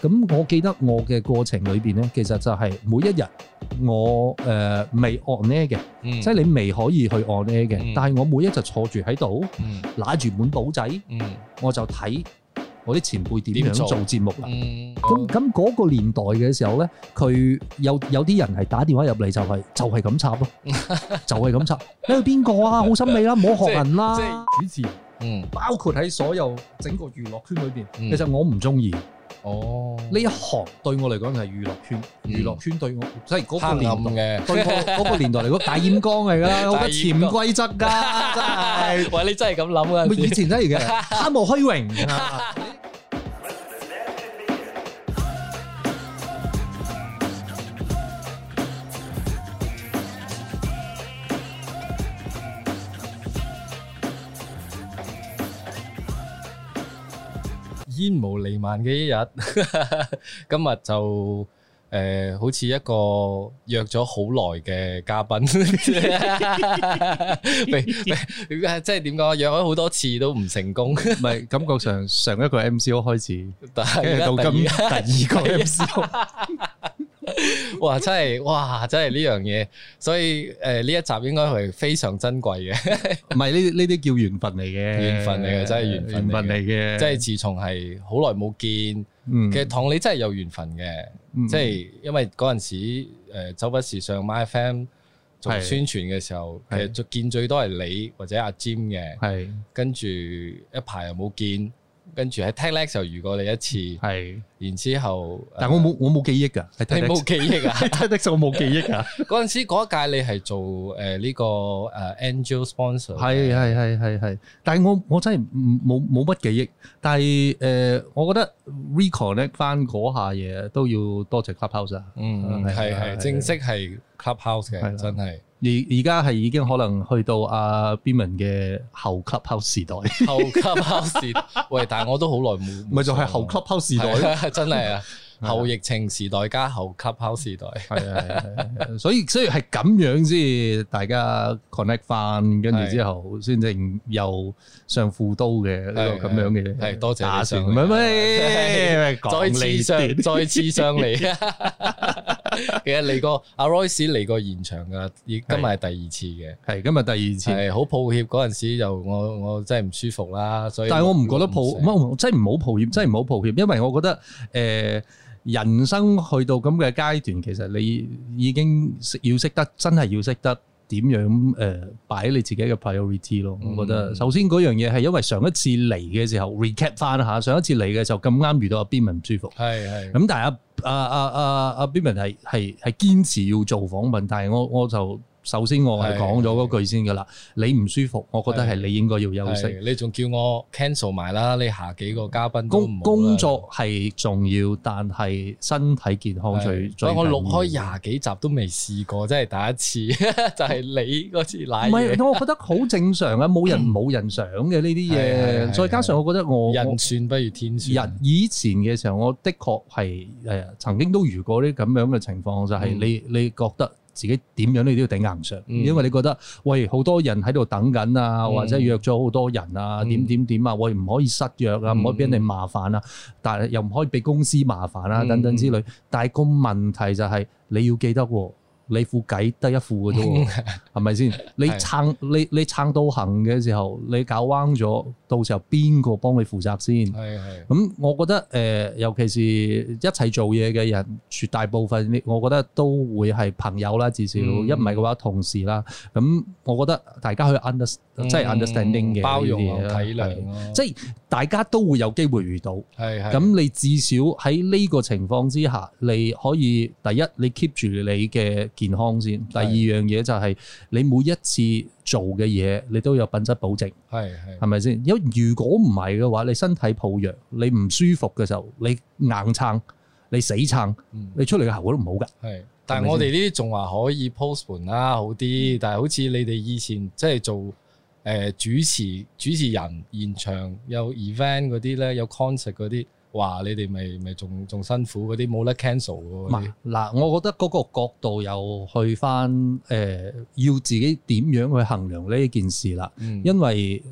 咁我記得我嘅過程裏邊咧，其實就係每一日我誒、呃、未 on air 嘅，嗯、即係你未可以去 on air 嘅。嗯、但係我每一日坐住喺度，揦住、嗯、滿簿仔，嗯、我就睇我啲前輩點樣做節目啦。咁咁嗰個年代嘅時候咧，佢有有啲人係打電話入嚟就係就係咁插咯，就係、是、咁插， 插。你係邊個啊？好心你啦、啊，唔好學人啦。即係、就是、主持，嗯，包括喺所有整個娛樂圈裏邊，其實我唔中意。哦，呢一行對我嚟講係娛樂圈，娛、嗯、樂圈對我，即係嗰個年代，嚟，嗰、嗰個、 大染缸嚟噶，好多潛規則噶、啊， 真係。 喂，你真係咁諗啊！以前啫，而家貪慕虛榮、啊。煙霧彌漫嘅一日，今日就誒，好似一個約咗好耐嘅嘉賓， 即係點講？約咗好多次都唔成功， 唔係感覺上上一個 MCO 開始，但到今日第二個 MCO。 哇！真係哇！真係呢樣嘢，所以誒呢、呃、一集應該係非常珍貴嘅，唔係呢呢啲叫緣分嚟嘅，緣分嚟嘅真係緣分嚟嘅，即係自從係好耐冇見，嗯、其實同你真係有緣分嘅，嗯、即係因為嗰陣時誒、呃、周不時上 my FM 做宣傳嘅時候，的其實就見最多係你或者阿 Jim 嘅，係的的跟住一排又冇見。跟住喺 techleg 嘅時候遇過你一次，係是，然之後，但我冇我冇記憶噶，ex，你冇記憶啊 techleg 我冇記憶啊！嗰陣 時嗰一屆你係做誒呢、呃這個誒、啊、Angel Sponsor，係係係係係，但係我我真係冇冇乜記憶，但係誒、呃，我覺得 reconnect 翻嗰下嘢都要多謝 Clubhouse，嗯係係正式係 Clubhouse 嘅真係。的而而家係已經可能去到阿 Biman 嘅後 c l u b h o u s 時代，後 c l u b 喂，但係我都好耐冇，咪 就係後 c l u b h 時代、 啊、真係啊！後疫情時代加後 clubhouse 時代， 啊！所以所以係咁樣先大家 connect 翻，跟住之後先至又上副刀嘅呢個咁樣嘅，係多謝，打算唔係咩？再嚟上，再次上嚟。 其實嚟過阿 Royce 嚟過現場噶，亦今日係第二次嘅，係今日第二次，係好抱歉嗰陣時就我我真係唔舒服啦，所以但係我唔覺得抱，唔真係唔好抱歉，真係唔好抱歉，嗯、因為我覺得誒、呃、人生去到咁嘅階段，其實你已經要識要識得，真係要識得。點樣誒、呃、擺你自己嘅 priority 咯。我覺得、嗯、首先嗰樣嘢係因為上一次嚟嘅時候 recap 翻、嗯、下，上一次嚟嘅時候咁啱遇到阿 Biman 唔舒服，係係是、啊。咁但係阿阿阿阿阿 Biman 係係係堅持要做訪問，但係我我就。首先我係講咗嗰句先噶啦，你唔舒服，我覺得係你應該要休息。你仲叫我 cancel 埋啦，你下幾個嘉賓工工作係重要，但係身體健康最重要。所以我錄開廿幾集都未試過，真係第一次，就係你嗰次奶。唔係，我覺得好正常啊，冇人冇人想嘅呢啲嘢。再加上我覺得我人算不如天算。人以前嘅時候，我的確係誒曾經都遇過啲咁樣嘅情況，就係你你覺得，自己點樣你都要頂硬上，因為你覺得，喂好多人喺度等緊啊，或者約咗好多人啊，點點點啊，喂，唔可以失約啊，唔可以俾人哋麻煩啊，但係又唔可以俾公司麻煩啊等等之類。但係個問題就係、是、你要記得，你副計得一副嘅喎，係咪先？你撐 你撐你，你撐到行嘅時候，你搞彎咗。到時候邊個幫你負責先？係係是是、嗯。咁我覺得誒、呃，尤其是一齊做嘢嘅人，絕大部分，我覺得都會係朋友啦，至少一唔係嘅話同事啦。咁、嗯、我覺得大家去 under 即係 understanding 嘅、嗯、包容體諒、啊，即係大家都會有機會遇到。咁是是、嗯、你至少喺呢個情況之下，你可以第一，你 keep 住你嘅健康先；第二樣嘢就係你每一次。做嘅嘢你都有品質保證，係係係咪先？因為如果唔係嘅話，你身體抱弱，你唔舒服嘅時候，你硬撐，你死撐，嗯、你出嚟嘅效果都唔好㗎。係，但係我哋呢啲仲話可以 postpone 啦，嗯、好啲。但係好似你哋以前即係做誒、呃、主持主持人現場有 event 嗰啲咧，有 concert 嗰啲。話你哋咪咪仲仲辛苦嗰啲冇得 cancel 唔係嗱，我覺得嗰個角度又去翻誒、呃，要自己點樣去衡量呢一件事啦。嗯、因為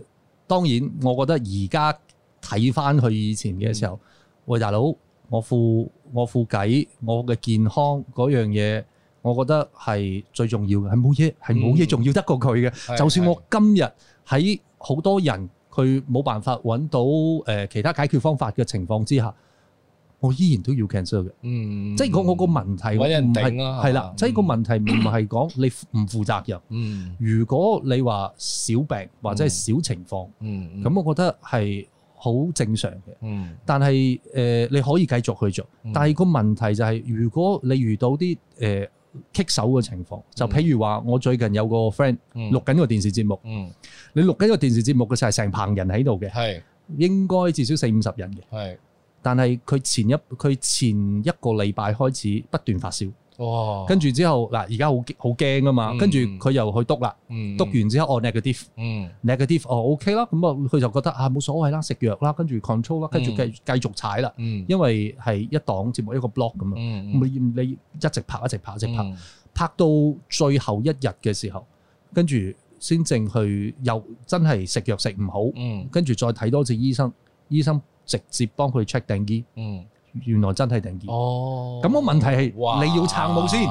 當然，我覺得而家睇翻佢以前嘅時候，喂大佬，我富我富計我嘅健康嗰樣嘢，我覺得係最重要嘅，係冇嘢係冇嘢重要得過佢嘅。嗯、就算我今日喺好多人。佢冇辦法揾到誒、呃、其他解決方法嘅情況之下，我依然都要 cancel 嘅。嗯，即係我我個問題唔係啦，即係個問題唔係講你唔負責任。嗯，如果你話小病或者係小情況，嗯，咁、嗯嗯、我覺得係好正常嘅。嗯，但係誒、呃、你可以繼續去做，但係個問題就係、是、如果你遇到啲誒、呃棘手嘅情況，就譬如話，我最近有個 friend 錄緊個電視節目，嗯嗯、你錄緊個電視節目嘅時候，成棚人喺度嘅，應該至少四五十人嘅，係、但係佢前一佢前一個禮拜開始不斷發燒。哇！跟住之後嗱，而家好好驚啊嘛，跟住佢又去篤啦，篤、嗯、完之後哦 negative，negative、嗯、Negative，哦 OK 啦，咁啊佢就覺得啊冇所謂啦，食藥啦，跟住 control 啦，跟住繼繼續踩啦，嗯、因為係一檔節目一個 block 咁啊，嗯嗯、你你一直拍一直拍一直拍，直拍，嗯、拍到最後一日嘅時候，跟住先正去又真係食藥食唔好，跟住再睇多次醫生，醫生直接幫佢 check 定醫。嗯。原來真係定結，咁個、哦、問題係哇你要撐冇先？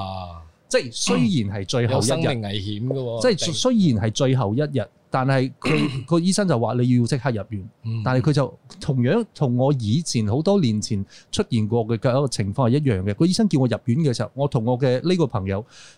即係雖然係最後一日有生命危險嘅即係是的雖然係最後一日，但係佢個醫生就話你要即刻入院，但係佢就同樣同我以前好多年前出現過嘅嘅一個情況係一樣嘅，個醫生叫我入院嘅時候，我同我嘅呢個朋友。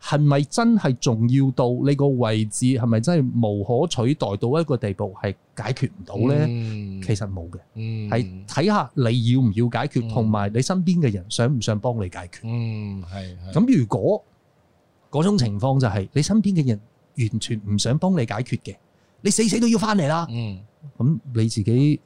係咪真係重要到你個位置係咪真係無可取代到一個地步係解決唔到呢？嗯、其實冇嘅，係睇、嗯、下你要唔要解決，同埋、嗯、你身邊嘅人想唔想幫你解決。嗯，係。咁如果嗰種情況就係你身邊嘅人完全唔想幫你解決嘅，你死死都要翻嚟啦。嗯，咁你自己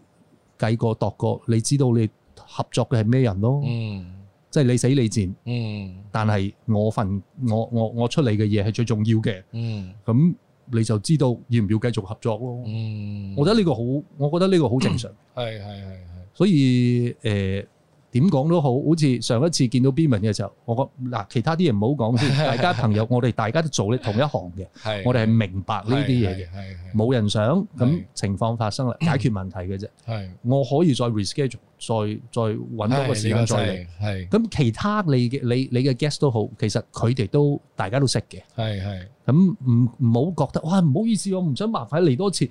計過度過，你知道你合作嘅係咩人咯？嗯。即係你死你賤，嗯，但係我份我我我出嚟嘅嘢係最重要嘅，嗯，咁你就知道要唔要繼續合作咯，嗯我，我覺得呢個好，我覺得呢個好正常，係係係係，所以誒。呃點講都好，好似上一次見到 b e v 嘅時候，我覺，嗱，其他啲嘢唔好講，大家朋友，我哋大家都做咧同一行嘅， 我哋係明白呢啲嘢嘅，冇 人想咁情況發生啦，解決問題嘅啫。係 我可以再 reschedule，再再揾多個時間再嚟。係咁， 其他你嘅你你嘅 guest 都好，其實佢哋都大家都識嘅。係係咁唔唔好覺得哇，唔好意思，我唔想麻煩你嚟多次，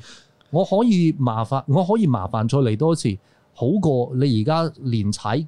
我可以麻煩我可以麻煩再嚟多次。好過你而家連踩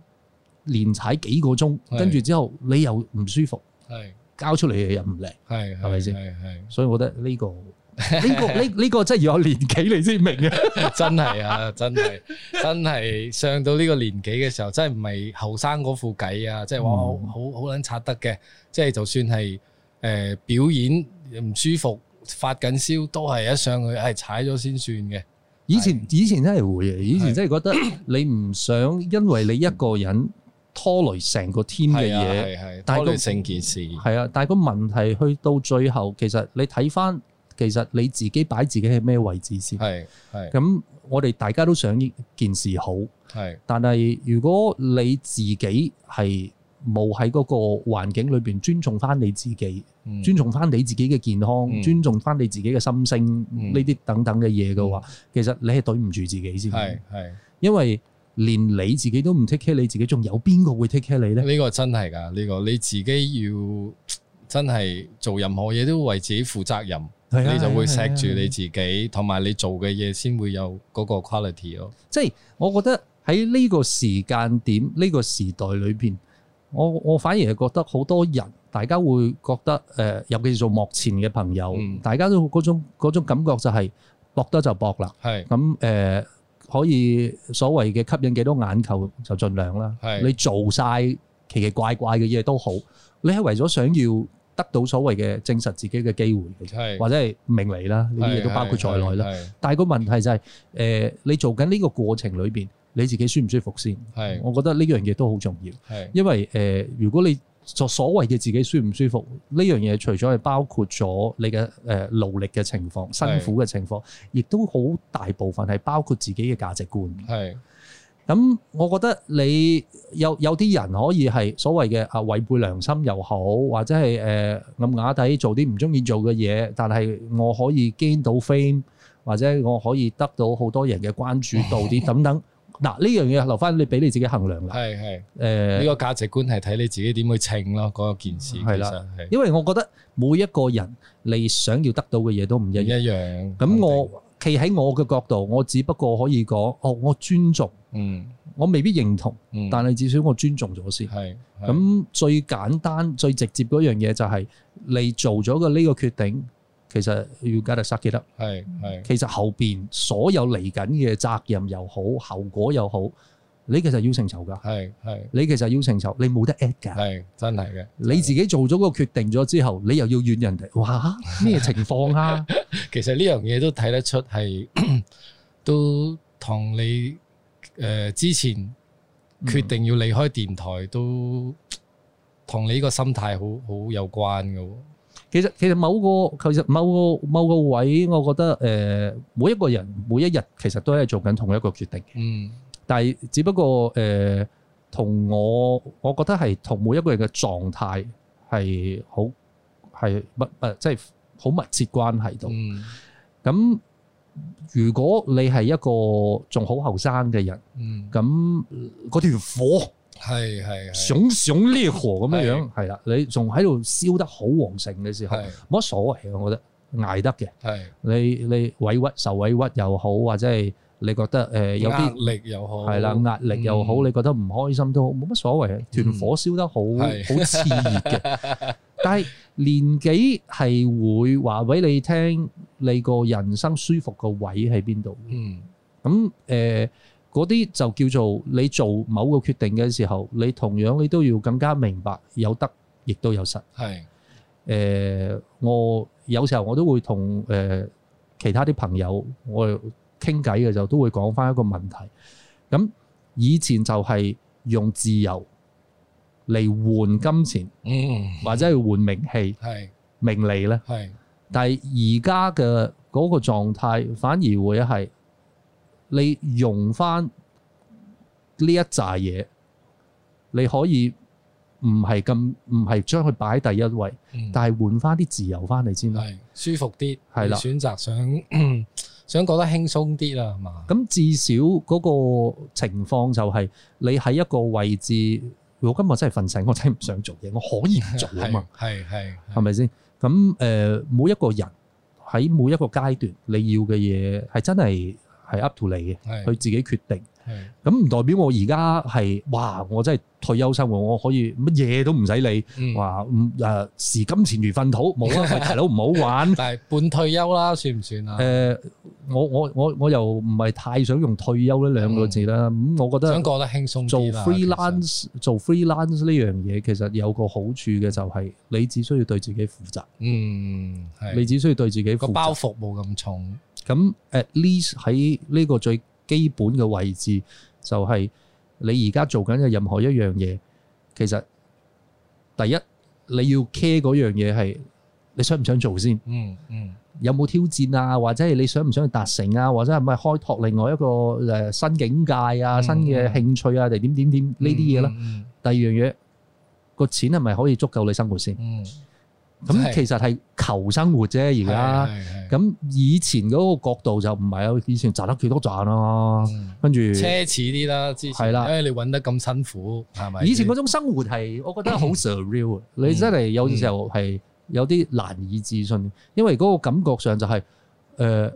連踩幾個鐘，跟住是之後你又唔舒服，係是交出嚟嘅又唔靚，係係咪先？係係，吧所以我覺得呢、這個呢、 這個呢呢、這個這個真係要有年紀你先明嘅， 真係啊，真係真係上到呢個年紀嘅時候，真係唔係後生嗰副計啊，即係話好好好捻擦得嘅，即係就算係誒、呃、表演唔舒服、發緊燒，都係一上去係踩咗先算嘅。以前以前真係會嘅，以前真係覺得你唔想因為你一個人拖累成個 team 嘅嘢，拖累成件事。係啊，但係個問題去到最後，其實你睇返，其實你自己擺自己喺咩位置先？係係、啊。咁、啊、我哋大家都想呢件事好。係、啊。但係如果你自己係，冇喺嗰個環境裏邊尊重翻你自己，尊重翻你自己嘅健康，嗯、尊重翻你自己嘅心聲呢啲等等嘅嘢嘅話，嗯、其實你係對唔住自己先。係係，因為連你自己都唔 take care 你自己，仲有邊個會 take care 你咧？呢個真係㗎，呢、呢個你自己要真係做任何嘢都為自己負責任，啊、你就會錫住你自己，同埋、啊啊、你做嘅嘢先會有嗰個 quality 咯、嗯。即係我覺得喺呢個時間點、呢、呢個時代裏邊。我我反而係覺得好多人，大家會覺得誒、呃，尤其是做幕前嘅朋友，嗯、大家都嗰種，嗰種感覺就係搏得就搏啦。係咁誒，可以所謂嘅吸引幾多眼球就盡量啦。係是你做晒奇奇怪怪嘅嘢都好，你係為咗想要得到所謂嘅證實自己嘅機會，是或者係名利啦，呢啲嘢都包括在內啦。但係個問題就係、是、誒、呃，你做緊呢個過程裏邊。你自己舒唔舒服先？係，是的 我覺得呢樣嘢都好重要。係，是的 因為誒、呃，如果你所所謂嘅自己舒唔舒服，呢樣嘢除咗係包括咗你嘅誒勞力嘅情況、辛苦嘅情況，是的 亦都好大部分係包括自己嘅價值觀。係是的、嗯，咁我覺得你有有啲人可以係所謂嘅啊違背良心又好，或者係誒、呃、暗啞底做啲唔中意做嘅嘢，但係我可以 get 到 fame，或者我可以得到好多人嘅關注度啲等等。嗱，呢樣嘢留翻你俾你自己衡量啦。係係是，誒、呃，呢個價值觀係睇你自己點去稱咯。嗰件事，其實係，因為我覺得每一個人你想要得到嘅嘢都唔一樣。唔一樣。咁我企喺我嘅角度，定我只不過可以講，哦，我尊重，嗯，我未必認同，嗯，但係至少我尊重咗先。係。咁最簡單、最直接嗰樣嘢就係，你做咗個呢個決定。其實要 g e t t 得，係係。其實後邊所有嚟緊嘅責任又好，後果又好，你其實要承受噶，係係。你其實要承受，你冇得 at 噶，係真係嘅。你自己做咗個決定咗之後，你又要怨人哋，的哇咩情況啊？ 其實呢樣嘢都睇得出係，都同你誒、呃、之前決定要離開電台、嗯、都同你個心態好好有關噶。其實其實某個其實某個某個位，我覺得誒每一個人每一日其實都係做緊同一個決定嘅。嗯，但係只不過誒同我我覺得係同每一個人嘅狀態係好係密誒即係好密切關係到。嗯，咁如果你係一個仲好後生嘅人，嗯，咁嗰條火。係係，熊熊烈火咁樣樣，係啦，你仲喺度燒得好旺盛嘅時候，冇乜所謂，我覺得捱得嘅。係你你委屈受委屈又好，或者係你覺得誒有啲壓力又好，係啦，壓力又好，你覺得唔開心都好，冇乜所謂。團火燒得好好熾熱嘅，但係年紀係會話俾你聽，你個人生舒服個位喺邊度？嗯，咁誒。嗰啲就叫做你做某個決定嘅時候，你同樣你都要更加明白有得亦都有失。係是，誒、呃，我有時候我都會同誒、呃、其他啲朋友我傾偈嘅時候，都會講翻一個問題，咁以前就係用自由嚟換金錢，嗯，或者係換名氣，係是名利咧，係。但係而家嘅嗰個狀態反而會係。你用翻呢一紮嘢，你可以唔係咁唔係將佢擺第一位，但係換翻啲自由翻嚟先咯，舒服啲，係啦，選擇想想覺得輕鬆啲啦，係嘛？咁至少嗰個情況就係你喺一個位置，如果今日真係瞓醒，我真係唔想做嘢，我可以唔做啊嘛，係係係咪先？咁誒，每一個人喺每一個階段，你要嘅嘢係真係。係 up to 你嘅，係佢的自己決定。咁唔代表我而家係哇！我真係退休生活，我可以乜嘢都唔使理，哇，誒視金錢如糞土，冇啊，大佬唔好玩，但係半 退休啦，算唔算啊？誒、呃，我我我我又唔係太想用退休呢兩個字啦。咁、嗯、我覺得想過得輕鬆，做 freelance 實做 freelance 呢樣嘢，其實有個好處嘅就係你只需要對自己負責。嗯，你只需要對自己個包袱冇咁重。咁 at least 喺呢個最。嗯基本嘅位置就係你而家做緊嘅任何一樣嘢，其實第一你要 care 嗰樣嘢係你想唔想做先？嗯嗯，嗯有冇挑戰啊？或者係你想唔想去達成啊？或者係咪開拓另外一個誒新境界啊、嗯、新嘅興趣啊？定點點點呢啲嘢啦。嗯嗯嗯、第二樣嘢個錢係咪可以足夠你生活先？嗯嗯咁其實係求生活啫，而家咁以前嗰個角度就唔係啊！以前賺得幾多賺咯，跟住奢侈啲啦，之前係啦，因為你揾得咁辛苦，係咪？以前嗰種生活係我覺得好 surreal，你真係有時候係有啲難以置信，因為嗰個感覺上就係誒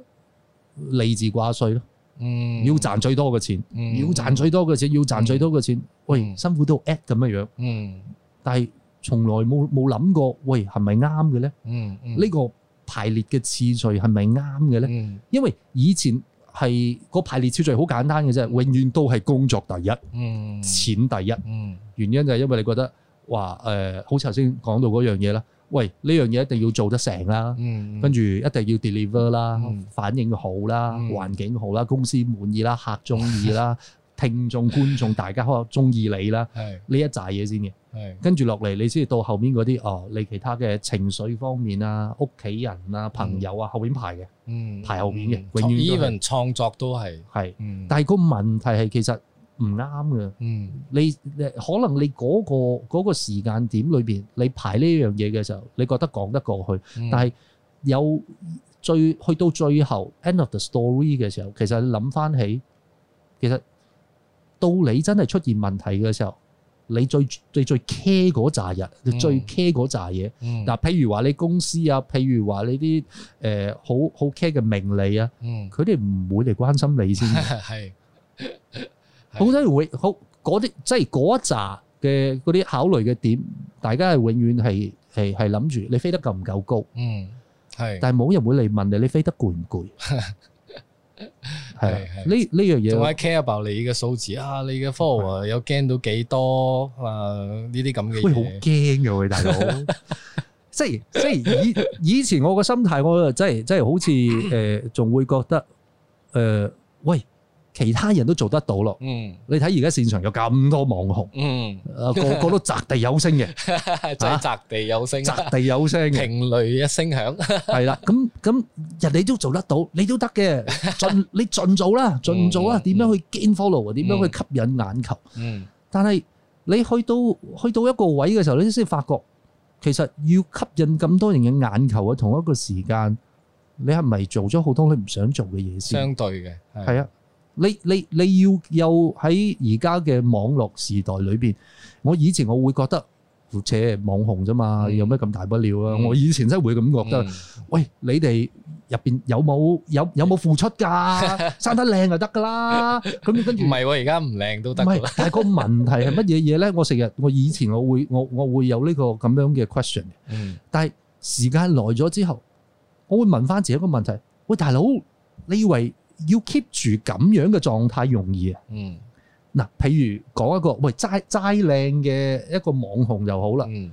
利字掛帥咯，嗯，要賺最多嘅錢，要賺最多嘅錢，要賺最多嘅錢，喂，辛苦到 at 咁樣樣，嗯，但係，從來冇冇諗過，喂係咪啱嘅咧？嗯，呢個排列嘅次序係咪啱嘅咧？嗯、因為以前係、個排列次序好簡單嘅啫，嗯、永遠都係工作第一，嗯、錢第一。嗯，嗯原因就係因為你覺得嘩誒、呃，好似頭先講到嗰樣嘢啦，喂呢樣嘢一定要做得成啦，跟住、嗯、一定要 deliver 啦、嗯，反應好啦，環、嗯、境好啦，公司滿意啦，客中意啦。聽眾、觀眾，大家可中意你啦，呢 一扎嘢先嘅。 跟住落嚟，你先至到後面嗰啲哦，你其他嘅情緒方面啊、屋企人啊、朋友啊，後面排嘅，嗯、排後面嘅，嗯、永遠。從 e v 創作都係係，是嗯、但係個問題係其實唔啱嘅。嗯，你可能你嗰、那個嗰、那個時間點裏邊，你排呢樣嘢嘅時候，你覺得講得過去，但係有最去到最後 end of the story 嘅時候，其實諗翻起，其實。到你真係出現問題嘅時候，你最你最最 care 嗰扎人，嗯、最 care 嗰扎嘢。嗱、嗯，譬如話你公司啊，譬如話你啲誒好好 care 嘅名利啊，佢哋唔會嚟關心你先嘅 是。好多會好嗰啲，即係嗰一扎嘅嗰啲考慮嘅點，大家係永遠係係係諗住你飛得夠唔夠高。嗯，係，但係冇人會嚟問你你，你飛得攰唔攰？ 係，呢呢樣嘢仲要 care about 你嘅數字啊！你嘅 follower 有驚到幾多啊？呢啲咁嘅嘢，好驚嘅喂，啊、 大佬，即係即係以以前我個心態，我真係真係好似誒，仲、 呃、會覺得誒、呃，喂。其他人都做得到咯，嗯，你睇而家現場有咁多網紅，嗯，個個都擲地有聲嘅，就係擲地有聲，擲地有聲嘅，晴雷一聲響，係啦，咁咁人哋你都做得到，你都得嘅，盡你盡做啦，盡做啊，點樣去 gain follow 啊，點樣去吸引眼球，嗯，但係你去到去到一個位嘅時候，你先發覺其實要吸引咁多人嘅眼球喺同一個時間，你係咪做咗好多你唔想做嘅嘢先？相對嘅，係啊。你你你要有喺而家嘅網絡時代裏邊，我以前我會覺得，而且網紅啫嘛，有咩咁大不了啊？我以前真係會咁覺得。喂，你哋入邊有冇有有冇付出㗎？生得靚就得㗎啦。咁跟住唔係喎，而家唔靚都得。唔係，但係個問題係乜嘢嘢咧？我成日我以前我會我我會有呢個咁樣嘅 question。嗯。但係時間來咗之後，我會問翻自己一個問題：喂，大佬，你以為？要 keep 住咁樣嘅狀態容易啊！嗯，嗱，譬如講一個喂齋齋靚嘅一個網紅就好啦。嗯，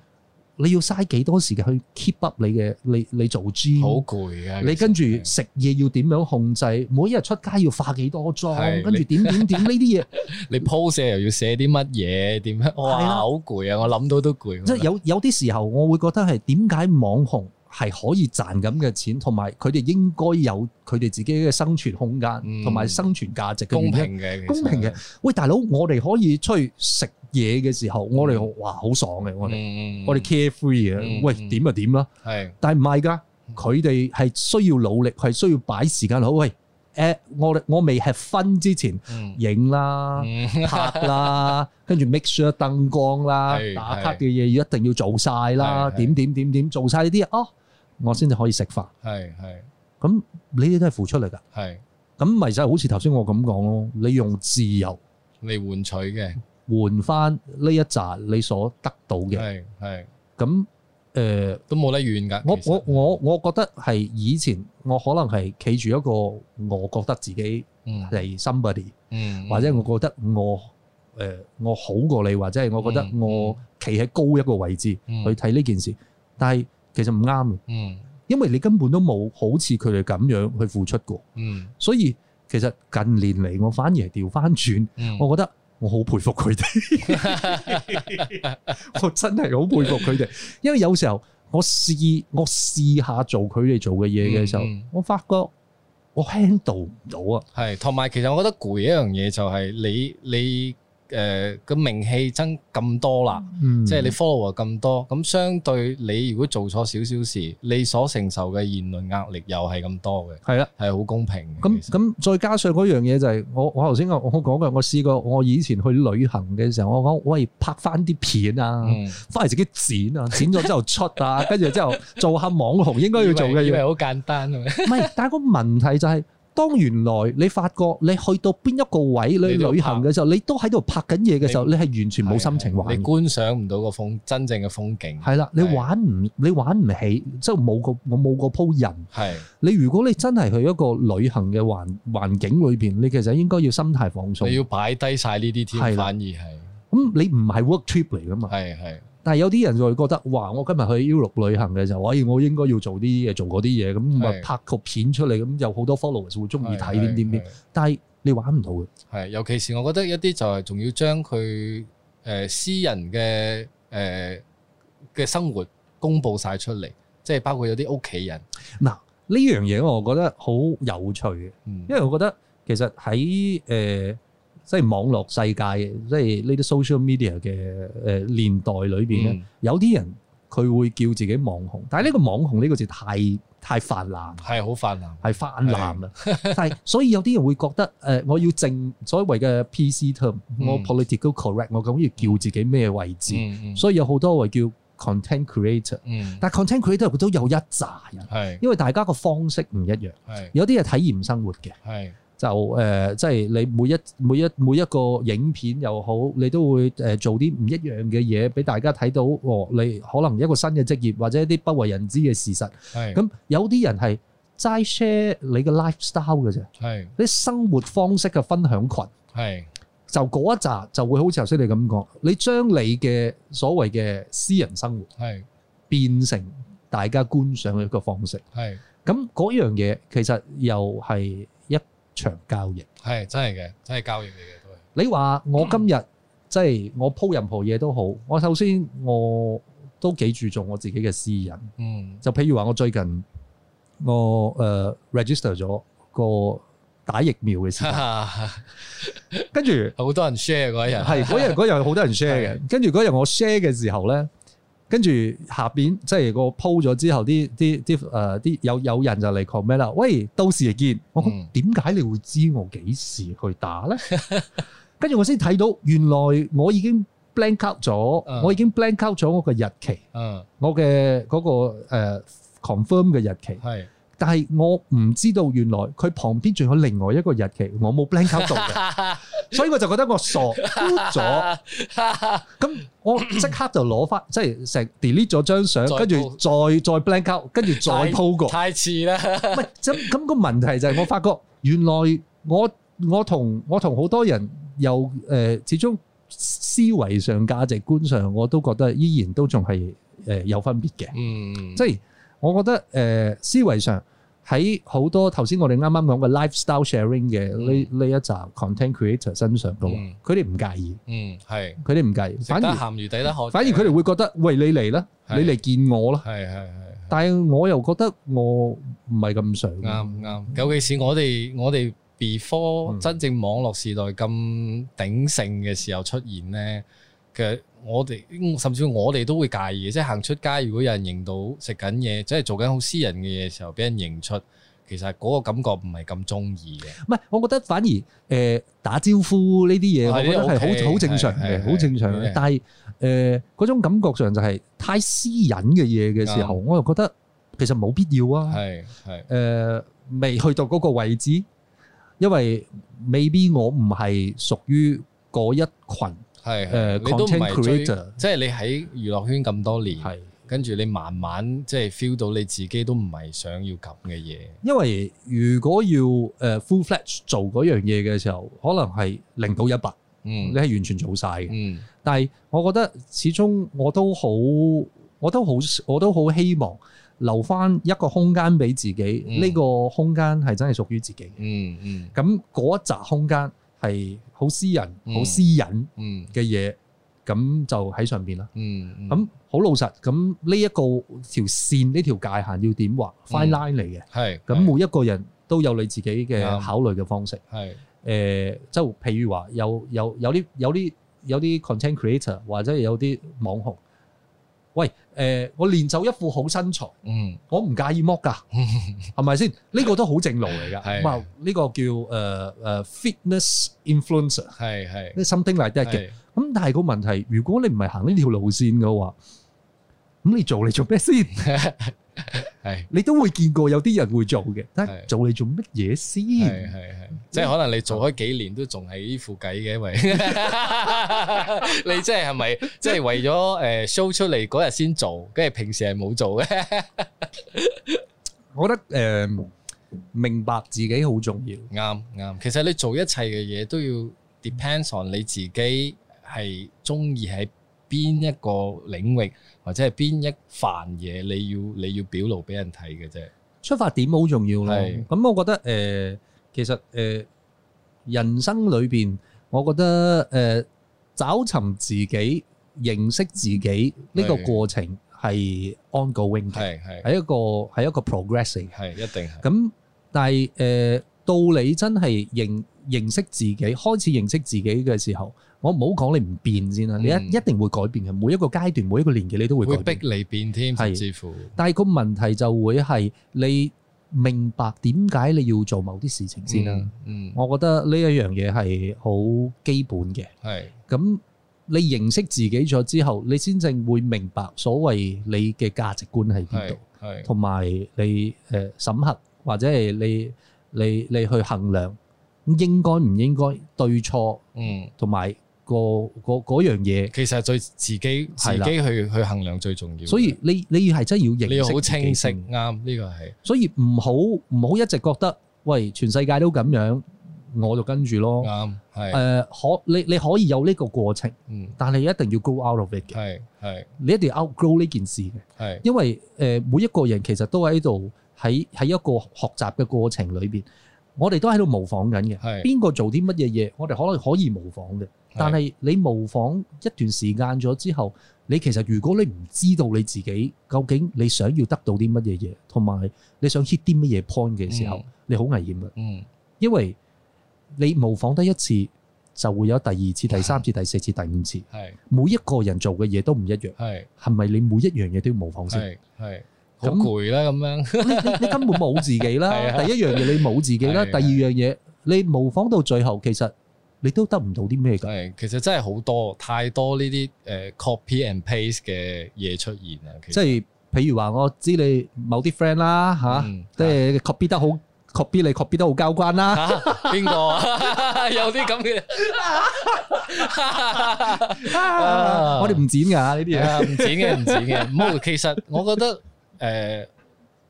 你要嘥幾多時間去 keep up 你嘅你你做 g 好攰啊！你跟住食嘢要點樣控制？的每一日出街要化幾多妝？的跟住點點點呢啲嘢？ 你 post 又要寫啲乜嘢？點樣！哇，好攰的啊！我諗到都攰。即係有有啲時候，我會覺得係點解網紅,紅？係可以賺咁嘅錢，同埋佢哋應該有佢哋自己嘅生存空間，同埋生存價值嘅公平嘅，公平嘅、就是。喂，大佬，我哋可以出去食嘢嘅時候，我哋哇好爽嘅，我哋、嗯、我哋 carefree 嘅。嗯、喂，點就點啦。係是，但係唔係㗎？佢哋係需要努力，係需要擺時間。好，喂，誒、呃，我我未 have fun 之前影啦、是拍啦了，跟住 mix 咗燈光啦、打卡嘅嘢要一定要做晒啦，點點點點做晒呢啲啊？哦喔我先至可以食飯，係係，咁你哋都係付出嚟噶，係是，咁咪就係好似頭先我咁講咯，你用自由嚟換取嘅，換翻呢一集你所得到嘅，係係，咁誒、呃、都冇得怨噶，我我我我覺得係以前我可能係企住一個我覺得自己嚟 somebody，嗯，嗯，嗯或、呃，或者我覺得我誒我好過你，或者係我覺得我企喺高一個位置去睇呢件事，嗯嗯嗯嗯嗯嗯嗯、但係。其實唔啱，嗯，因為你根本都冇好似佢哋咁樣去付出過，嗯，所以其實近年嚟我反而係調翻轉，嗯，我覺得我好佩服佢哋， 我真係好佩服佢哋，因為有時候我試我試下做佢哋做嘅嘢嘅時候，嗯嗯，我發覺我 handle 唔到啊，係，同埋其實我覺得攰一樣嘢就係你你。你誒，個、呃、名氣增咁多啦，即係你 follower 又咁多，咁、嗯 er、相對你如果做錯少少事，你所承受嘅言論壓力又係咁多嘅，係啦的，係好公平。咁咁、嗯、再加上嗰樣嘢就係、是，我我頭先我講過，我試過我以前去旅行嘅時候，我講喂，拍翻啲片啊，翻嚟、嗯、自己剪啊，剪咗之後出啊，跟住 之後做下網紅應該要做嘅，係咪好簡單？唔係，但係個問題就係、是。 當原來你發覺你去到邊一個位你旅行嘅時候，你都喺度拍緊嘢嘅時候，你係完全冇心情玩，你觀賞唔到個風真正嘅風景。係啦，你玩唔你玩唔起，即係冇個冇冇個鋪人。係的，你如果你真係去一個旅行嘅環環境裏邊，你其實應該要心態放鬆，你要擺低晒呢啲，天的反而係。咁你唔係 work trip 嚟㗎嘛？係係。但係有啲人就會覺得，哇！我今日去 U 六旅行嘅就，我、哎、應我應該要做啲嘢，做嗰啲嘢，咁咪拍部片出嚟，咁有好多 followers 會鍾意睇點點點。是是是是，但係你玩唔到嘅。係，尤其是我覺得一啲就係仲要將佢誒私人嘅誒嘅生活公佈晒出嚟，即係包括有啲屋企人。嗱，呢樣嘢我覺得好有趣嘅，因為我覺得其實喺誒。呃即係網絡世界，即係呢啲 social media 嘅誒年代裏邊咧，嗯、有啲人佢會叫自己網紅，但係呢個網紅呢個字太太泛濫，係好泛濫，係泛濫啦。但係所以有啲人會覺得誒，我要正所謂嘅 PC term，我 political correct，我咁要叫自己咩位置？嗯嗯所以有好多位叫 content creator。嗯嗯、但但 content creator 佢都有一紮人，係是 因為大家個方式唔一樣，係有啲係體驗生活嘅，係。就誒、呃，即係你每一每一每一個影片又好，你都會誒做啲唔一樣嘅嘢俾大家睇到。哦，你可能一個新嘅職業或者一啲不為人知嘅事實。係咁是，有啲人係齋 share 你嘅 lifestyle 嘅啫。係你是生活方式嘅分享群。係是就嗰一集就會好似頭先你咁講，你將你嘅所謂嘅私人生活係是變成大家觀賞嘅一個方式。係咁嗰樣嘢其實又係。場交易係真係嘅，真係交易嚟嘅都係。你話我今日即係我鋪任何嘢都好，我首先我都幾注重我自己嘅私隱。嗯，就譬如話我最近我誒、uh, register 咗個打疫苗嘅時候，跟住好多人 share 嗰一日係嗰日嗰日好多人 share 嘅，跟住嗰日我 share 嘅時候咧。跟住下邊即係個鋪咗之後，啲啲啲誒，啲有、呃、有人就嚟 comment 啦。喂，到時是見，我講點解你會知我幾時去打咧？跟住 我先睇到，原來我已經 blank ou、uh, t 咗，我已經 blank out 咗我嘅日期，嗯、uh, 那個，我嘅嗰個誒 confirm 嘅日期係。Uh, 但係我唔知道，原來佢旁邊仲有另外一個日期，我冇 blank out 到嘅， 所以我就覺得我傻咗。咁 我即刻就攞翻，即係成 delete 咗張相，跟住再鋪再 blank out，跟住再 po 過，太遲啦。咁，咁個問題就係我發覺原來我我同我同好多人又誒、呃，始終思維上、價值觀上，我都覺得依然都仲係誒有分別嘅。嗯，即係。我覺得誒思維上喺好多頭先我哋啱啱講嘅 lifestyle sharing 嘅呢呢一集 content creator 身上嘅，佢哋唔介意，嗯係，佢哋唔介意，食得鹹魚抵得渴，反而佢哋會覺得，喂你嚟啦，你嚟見我啦，係係係，但係我又覺得我唔係咁想，啱啱，尤其是我哋我哋 before 真正網絡時代咁鼎盛嘅時候出現咧嘅。我哋甚至我哋都會介意，即係行出街，如果有人認到食緊嘢，即係做緊好私人嘅嘢時候，俾人認出，其實嗰個感覺唔係咁鍾意嘅。唔係，我覺得反而誒打招呼呢啲嘢，我覺得係好好正常嘅，好正常嘅。但係誒嗰種感覺上就係太私隱嘅嘢嘅時候，我又覺得其實冇必要啊。係係誒，未去到嗰個位置，因為未必我唔係屬於嗰一羣。係，誒，即係你喺娛樂圈咁多年，的跟住你慢慢即係 feel 到你自己都唔係想要咁嘅嘢。因為如果要誒 full flash 做嗰樣嘢嘅時候，可能係零到一百，嗯，你係完全做晒嘅，嗯。但係我覺得始終我都好，我都好，我都好希望留翻一個空間俾自己。呢、嗯、個空間係真係屬於自己嗯。嗯嗯。咁嗰一閘空間係。好私人、好私隱嗯嘅嘢，咁就喺上邊啦。嗯咁好、嗯嗯、老實咁呢一個條線呢條界限要點劃、嗯？Fine line 嚟嘅。係咁、嗯、每一個人都有你自己嘅考慮嘅方式。係、嗯。誒、呃，就譬如話有有有啲有啲有啲 content creator 或者有啲網紅。喂，誒，我練就一副好身材，我唔介意剝㗎，係咪先？呢個都好正路嚟㗎，係呢個叫誒誒 fitness influencer，係係 something like that 嘅。咁但係個問題，如果你唔係行呢條路線嘅話，咁你做嚟做咩先？係，你都會見過有啲人會做嘅，但係做嚟做乜嘢先？係係係，即係可能你做開幾年都仲係呢副偈嘅，因為你即係係咪即係為咗誒 show 出嚟嗰日先做，跟住平時係冇做嘅？我覺得誒，明白自己好重要，啱啱。其實你做一切嘅嘢都要 depends on 你自己係中意係，邊一個領域或者係邊一番嘢，你要你要表露俾人睇嘅啫。出發點好重要啦。咁的我覺得誒、呃，其實誒、呃，人生裏邊，我覺得誒、呃，找尋自己、認識自己呢個過程係 ongoing 嘅，係係的，係一個係一個 progressing，係一定。咁但係誒、呃，到你真係認認識自己，開始認識自己嘅時候。我唔好講你唔變先啦，你一一定會改變嘅。每一個階段，每一個年紀，你都會改變，會逼你變添，甚至乎。但係個問題就會係你明白點解你要做某啲事情先啦。嗯，我覺得呢一樣嘢係好基本嘅。係。咁你認識自己咗之後，你先正會明白所謂你嘅價值觀喺邊度，係。同埋你誒審核或者係你你你去衡量應該唔應該對錯，嗯，同埋。個個嗰樣嘢，其實對自己自己去去衡量最重要。所以你你係真要認識，你要好清醒啱呢個係。所以唔好唔好一直覺得，喂，全世界都咁樣，我就跟住咯。啱係誒，可你你可以有呢個過程，但係一定要 go out of it 嘅。係係，你一定要 outgrow 呢件事嘅。係因為誒，每一個人其實都喺度喺喺一個學習嘅過程裏邊。我哋都喺度模仿緊嘅，邊個做啲乜嘢嘢？我哋可能可以模仿嘅，但係你模仿一段時間咗之後，你其實如果你唔知道你自己究竟你想要得到啲乜嘢嘢，同埋你想 hit 啲乜嘢 point 嘅時候，你好危險啊！嗯，因為你模仿得一次就會有第二次、第三次、第四次、第五次。係每一個人做嘅嘢都唔一樣。係係咪你每一樣嘢都要模仿先？係。咁攰啦，咁樣你你根本冇自己啦。第一樣嘢你冇自己啦，第二樣嘢你模仿到最後，其實你都得唔到啲咩嘅。係，其實真係好多太多呢啲誒 copy and paste 嘅嘢出現啦。即係譬如話我知你某啲 friend 啦吓，即係 copy 得好，copy 你 copy 得好交關啦。邊個？有啲咁嘅？我哋唔剪噶呢啲嘢，唔剪嘅，唔剪嘅。冇，其實我覺得。誒、呃，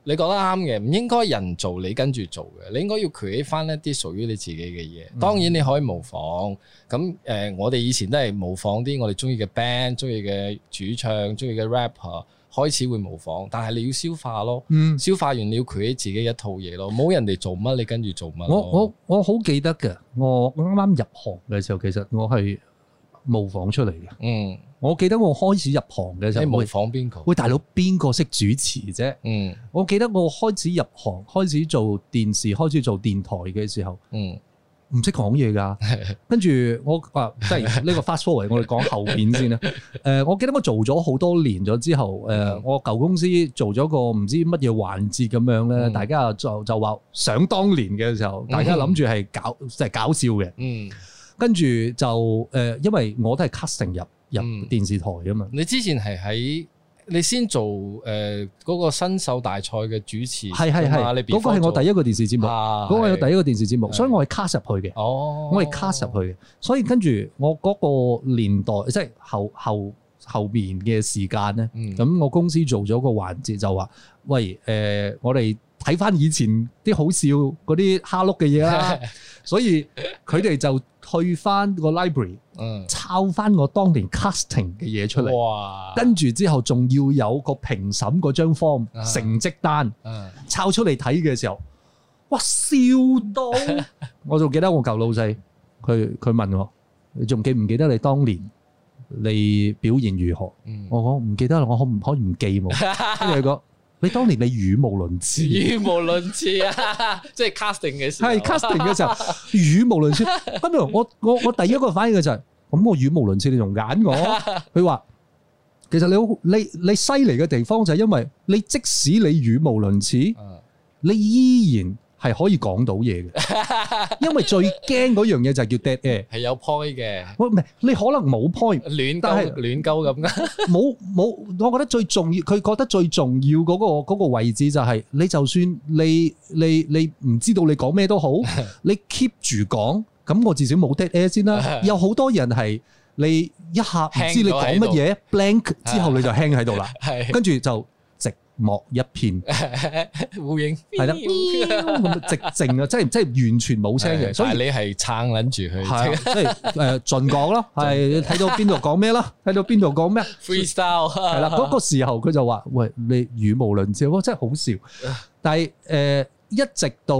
你覺得啱嘅，唔應該人做你跟住做嘅，你應該要 create 翻一啲屬於你自己嘅嘢。當然你可以模仿，咁誒、嗯呃，我哋以前都係模仿啲我哋中意嘅 band，中意嘅主唱，中意嘅 rapper，開始會模仿，但係你要消化咯，嗯，消化完你要 create 自己一套嘢咯，冇人哋做乜你跟住做乜。我我我好記得嘅，我啱啱入行嘅時候，其實我係模仿出嚟嘅，嗯。我記得我開始入行嘅時候，你唔模仿邊個？喂，大佬邊個識主持啫？嗯，我記得我開始入行，開始做電視，開始做電台嘅時候，嗯，唔識講嘢噶。跟住、嗯、我話、啊、即係呢、呢個 fast forward，我哋講後邊先啦。誒、嗯呃，我記得我做咗好多年咗之後，誒、呃，我舊公司做咗個唔知乜嘢環節咁樣咧，嗯、大家就就話想當年嘅時候，大家諗住係搞即係、即係、搞笑嘅。嗯，嗯跟住就誒，因為我都係 cut 成入。嗯，入電視台啊嘛。你之前係喺你先做誒嗰、呃那個新秀大賽嘅主持？係係係。嗰 B 個係我第一個電視節目，嗰、啊、個係我第一個電視節目，是所以我係 cast 入去嘅。哦，我係 cast 入去嘅。所以跟住我嗰個年代，即係後後後面嘅時間咧。咁、嗯、我公司做咗個環節就話，喂，誒、呃，我哋睇翻以前啲好笑嗰啲蝦碌嘅嘢啦。 所以佢哋就。退翻個 library，抄翻我當年 casting 嘅嘢出嚟，跟住之後仲要有個評審嗰張 form 成績單，抄出嚟睇嘅時候，哇笑到！ 我就記得我舊老細，佢佢問我，你仲記唔記得你當年你表現如何？我講唔記得啦，我可唔可以唔記？嘛，跟住佢講。你當年你語無倫次，語無倫次啊！ 即係 casting 嘅時候，係 casting 嘅時候，語無倫次。不如我我我第一個反應嘅就係、是，咁、嗯、我語無倫次，你仲揀我？佢話 其實你好，你你犀利嘅地方就係因為，你即使你語無倫次， 你依然。係可以講到嘢嘅，因為最驚嗰樣嘢就係叫 dead air，係有 point 嘅。喂，唔係你可能冇 point，亂鳩亂鳩咁，冇冇。我覺得最重要，佢覺得最重要嗰個嗰個位置就係你，就算你你你唔知道你講咩都好，你 keep 住講，咁我至少冇 dead air 先啦。有好多人係你一下唔知你講乜嘢 blank 之後你就 hang 喺度啦，跟住就，幕一片，冇 影，係啦的，咁啊，直靜啊，即係即係完全冇聲嘅。所以你係撐捻住佢，係，講講 所以誒盡講咯，係睇到邊度講咩咯，睇到邊度講咩，freestyle 係啦。嗰個時候佢就話： 喂，你語無倫次，哇，真係好笑。但係誒，一直到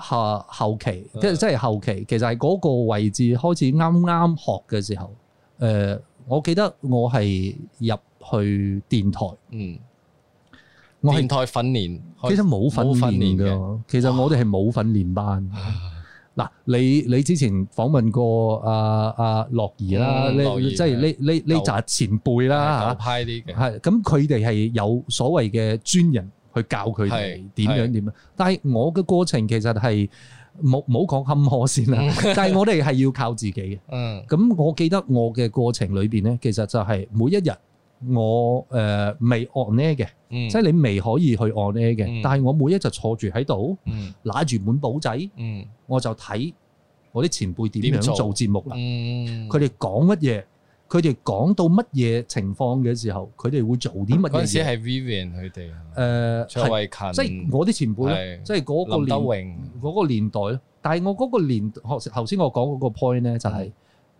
吓後期，即係即係後期，其實係嗰個位置開始啱啱學嘅時候，誒，我記得我係入去電台，嗯。電台訓練，其實冇訓練嘅。其實我哋係冇訓練班。嗱，你你之前訪問過阿阿樂怡啦，即係呢呢呢紮前輩啦嚇，派啲嘅係咁佢哋係有所謂嘅專人去教佢哋點樣點樣。但係我嘅過程其實係冇冇講坎坷先啦。但係我哋係要靠自己嘅。嗯，咁我記得我嘅過程裏邊咧，其實就係每一日。我誒未按呢嘅，即係你未可以去按呢嘅。但係我每一日坐住喺度，揦住滿布仔，我就睇我啲前輩點樣做節目啦。佢哋講乜嘢，佢哋講到乜嘢情況嘅時候，佢哋會做啲乜嘢？嗰陣時係 Vivian 佢哋，誒即係我啲前輩即係嗰個年嗰個年代咧。但係我嗰個年學，頭先我講嗰個 point 咧，就係。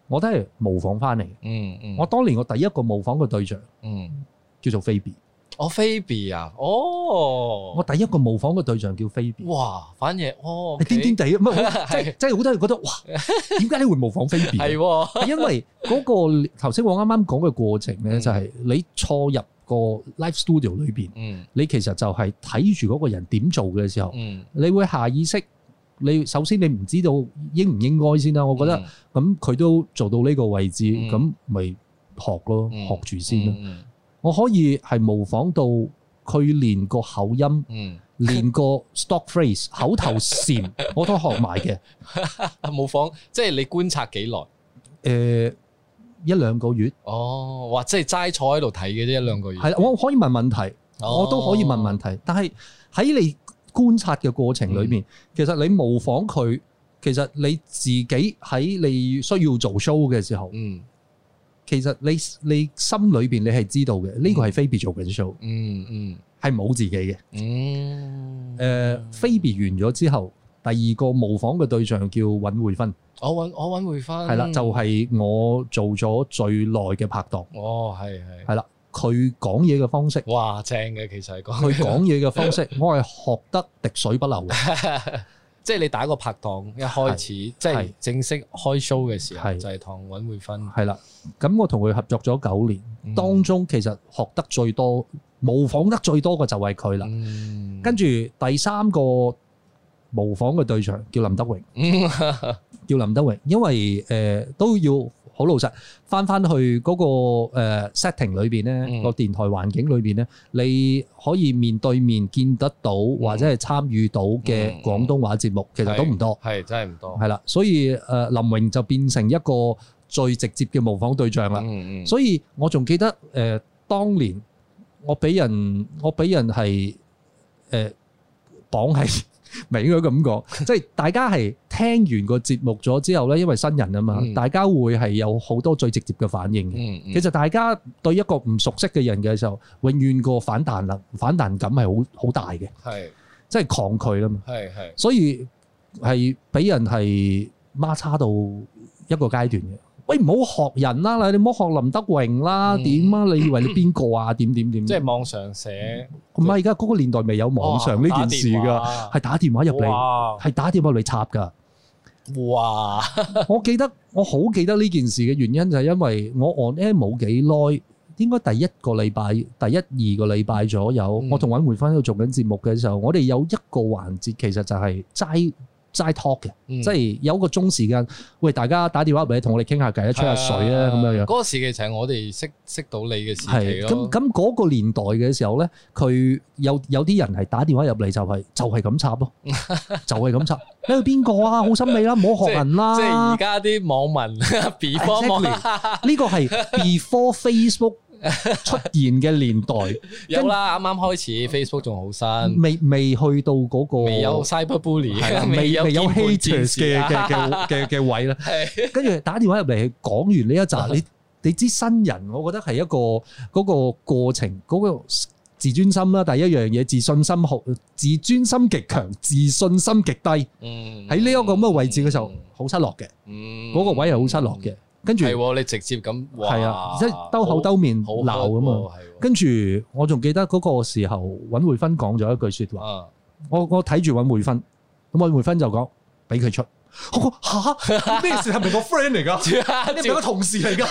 我都係模仿翻嚟，嗯嗯，嗯，我當年我第一個模仿嘅對象，嗯，叫做 Phoebe 菲比，哦菲比啊，哦，我第一個模仿嘅對象叫菲比，哇，反而，哦，係癲癲哋啊，唔係，即係好多人都覺得， 哇，點解你會模仿菲比？係 對、哦，係 因為嗰、那個頭先我啱啱講嘅過程咧，就係你錯入個 Live Studio 裏邊，嗯，你其實就係睇住嗰個人點做嘅時候，嗯，你會下意識。你首先你唔知道應唔應該先啦，我覺得咁佢、um, 嗯、都做到呢個位置，咁咪、um, 學咯，學住先啦。Um, um, 我可以係模仿到佢連個口音，連、um, 個 stock phrase、 口頭禪我都學埋嘅。 模仿即係你觀察幾耐？誒，一兩個月哦，或者係齋坐喺度睇嘅啫，一兩個月。係啦、哦，我可以問問題，我都可以問問題，哦、但係喺你觀察嘅過程裏面，其實你模仿佢，其實你自己喺你需要做 show 嘅時候，嗯，其實你你心裏邊你係知道嘅，呢個係非 a b i 做緊 show，嗯嗯，係冇自己嘅，嗯，誒 f b i 完咗之後，第二個模仿嘅對象叫尹會芬，我搵我搵會芬，係啦，就係、是、我做咗最耐嘅拍檔，哦，係係，係啦。佢講嘢嘅方式，哇，正嘅，其實係講佢講嘢嘅方式， 我係學得滴水不漏嘅。 即係你打個拍檔，一開始即係是正式開 show 嘅時候，是就係唐尹會分。係啦，咁、嗯、我同佢合作咗九年，當中其實學得最多、模仿得最多嘅就係佢啦。嗯、跟住第三個模仿嘅對象叫林德榮， 叫林德榮，因為誒、呃、都要。好老實，返返去嗰個誒 setting 裏邊咧，個電台環境裏邊咧，你可以面對面見得到或者係參與到嘅廣東話節目，其實都唔多，係真係唔多，係啦，所以誒林榮就變成一個最直接嘅模仿對象啦。嗯嗯，所以我仲記得誒當年我俾人我俾人係誒綁喺。 明佢咁講，即係大家係聽完個節目咗之後咧，因為新人啊嘛，嗯、大家會係有好多最直接嘅反應。嗯嗯、其實大家對一個唔熟悉嘅人嘅時候，永遠個反彈力、反彈感係好好大嘅，係是即係抗拒啊嘛，係係，所以係俾人係孖叉到一個階段嘅。喂，唔好學人啦！你唔好學林德榮啦，點啊？你以為你邊個啊？點點點？即係網上寫，唔係而家嗰個年代未有網上呢件事噶，係打電話入嚟，係打電話入嚟插噶。哇！我記得我好記得呢件事嘅原因就係因為我 on air 冇幾耐，應該第一個禮拜、第一二個禮拜左右，我同尹梅芬喺度做緊節目嘅時候，我哋有一個環節其實就係齋齋 talk 嘅，嗯、即係有一個鐘時間，喂，大家打電話俾你，同我哋傾下偈，吹下水啊，咁樣樣。嗰個時期就係我哋識識到你嘅時期係，咁咁嗰個年代嘅時候咧，佢有有啲人係打電話入嚟就係就係咁插咯，就係、是、咁插， 插。你去邊個啊？好心未啦、啊，唔好學人啦、啊。即係而家啲網民 ，before 呢個係 before Facebook。出現嘅年代有啦，啱啱開始 Facebook 仲好新，未未去到嗰，那個未有 Cyberbully，啊，未，未有 haters 嘅嘅嘅嘅位咧。跟住 的打電話入嚟，講完呢一集，你你知新人，我覺得係一個嗰，那個過程，嗰，那個自尊心啦，第一樣嘢，自信心好，自尊心極強，自信心極低嗯。嗯，喺呢一個咁嘅位置嘅時候，好、嗯、失落嘅。嗰個位係好失落嘅。嗯嗯跟住你直接咁係啊，即係兜口兜面鬧咁嘛。跟住我仲記得嗰個時候，尹慧芬講咗一句説話。我我睇住尹慧芬，咁尹慧芬就講俾佢出嚇，呢事係咪個 friend 嚟噶？呢係咪個同事嚟噶？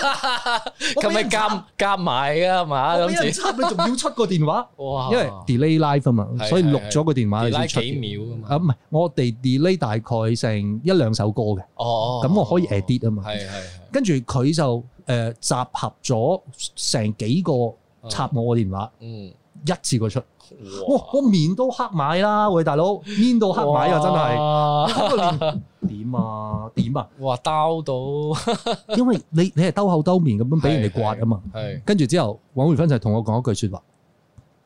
咁俾你夾夾埋㗎係嘛？我俾人出，仲要出個電話？哇！因為 delay live 啊嘛，所以錄咗個電話你先出幾秒啊嘛？唔係，我哋 delay 大概成一兩首歌嘅。哦，咁我可以 edit 啊嘛。係係。跟住佢就誒、呃、集合咗成幾個插我嘅電話，嗯、一次過出，哇，哇！我面都黑埋啦，喂大佬，面都黑埋啊，真係點啊點啊！哇兜到， 因為你你係兜口兜面咁樣俾人哋刮啊嘛，跟住是之後黃慧芬就同我講一句説話，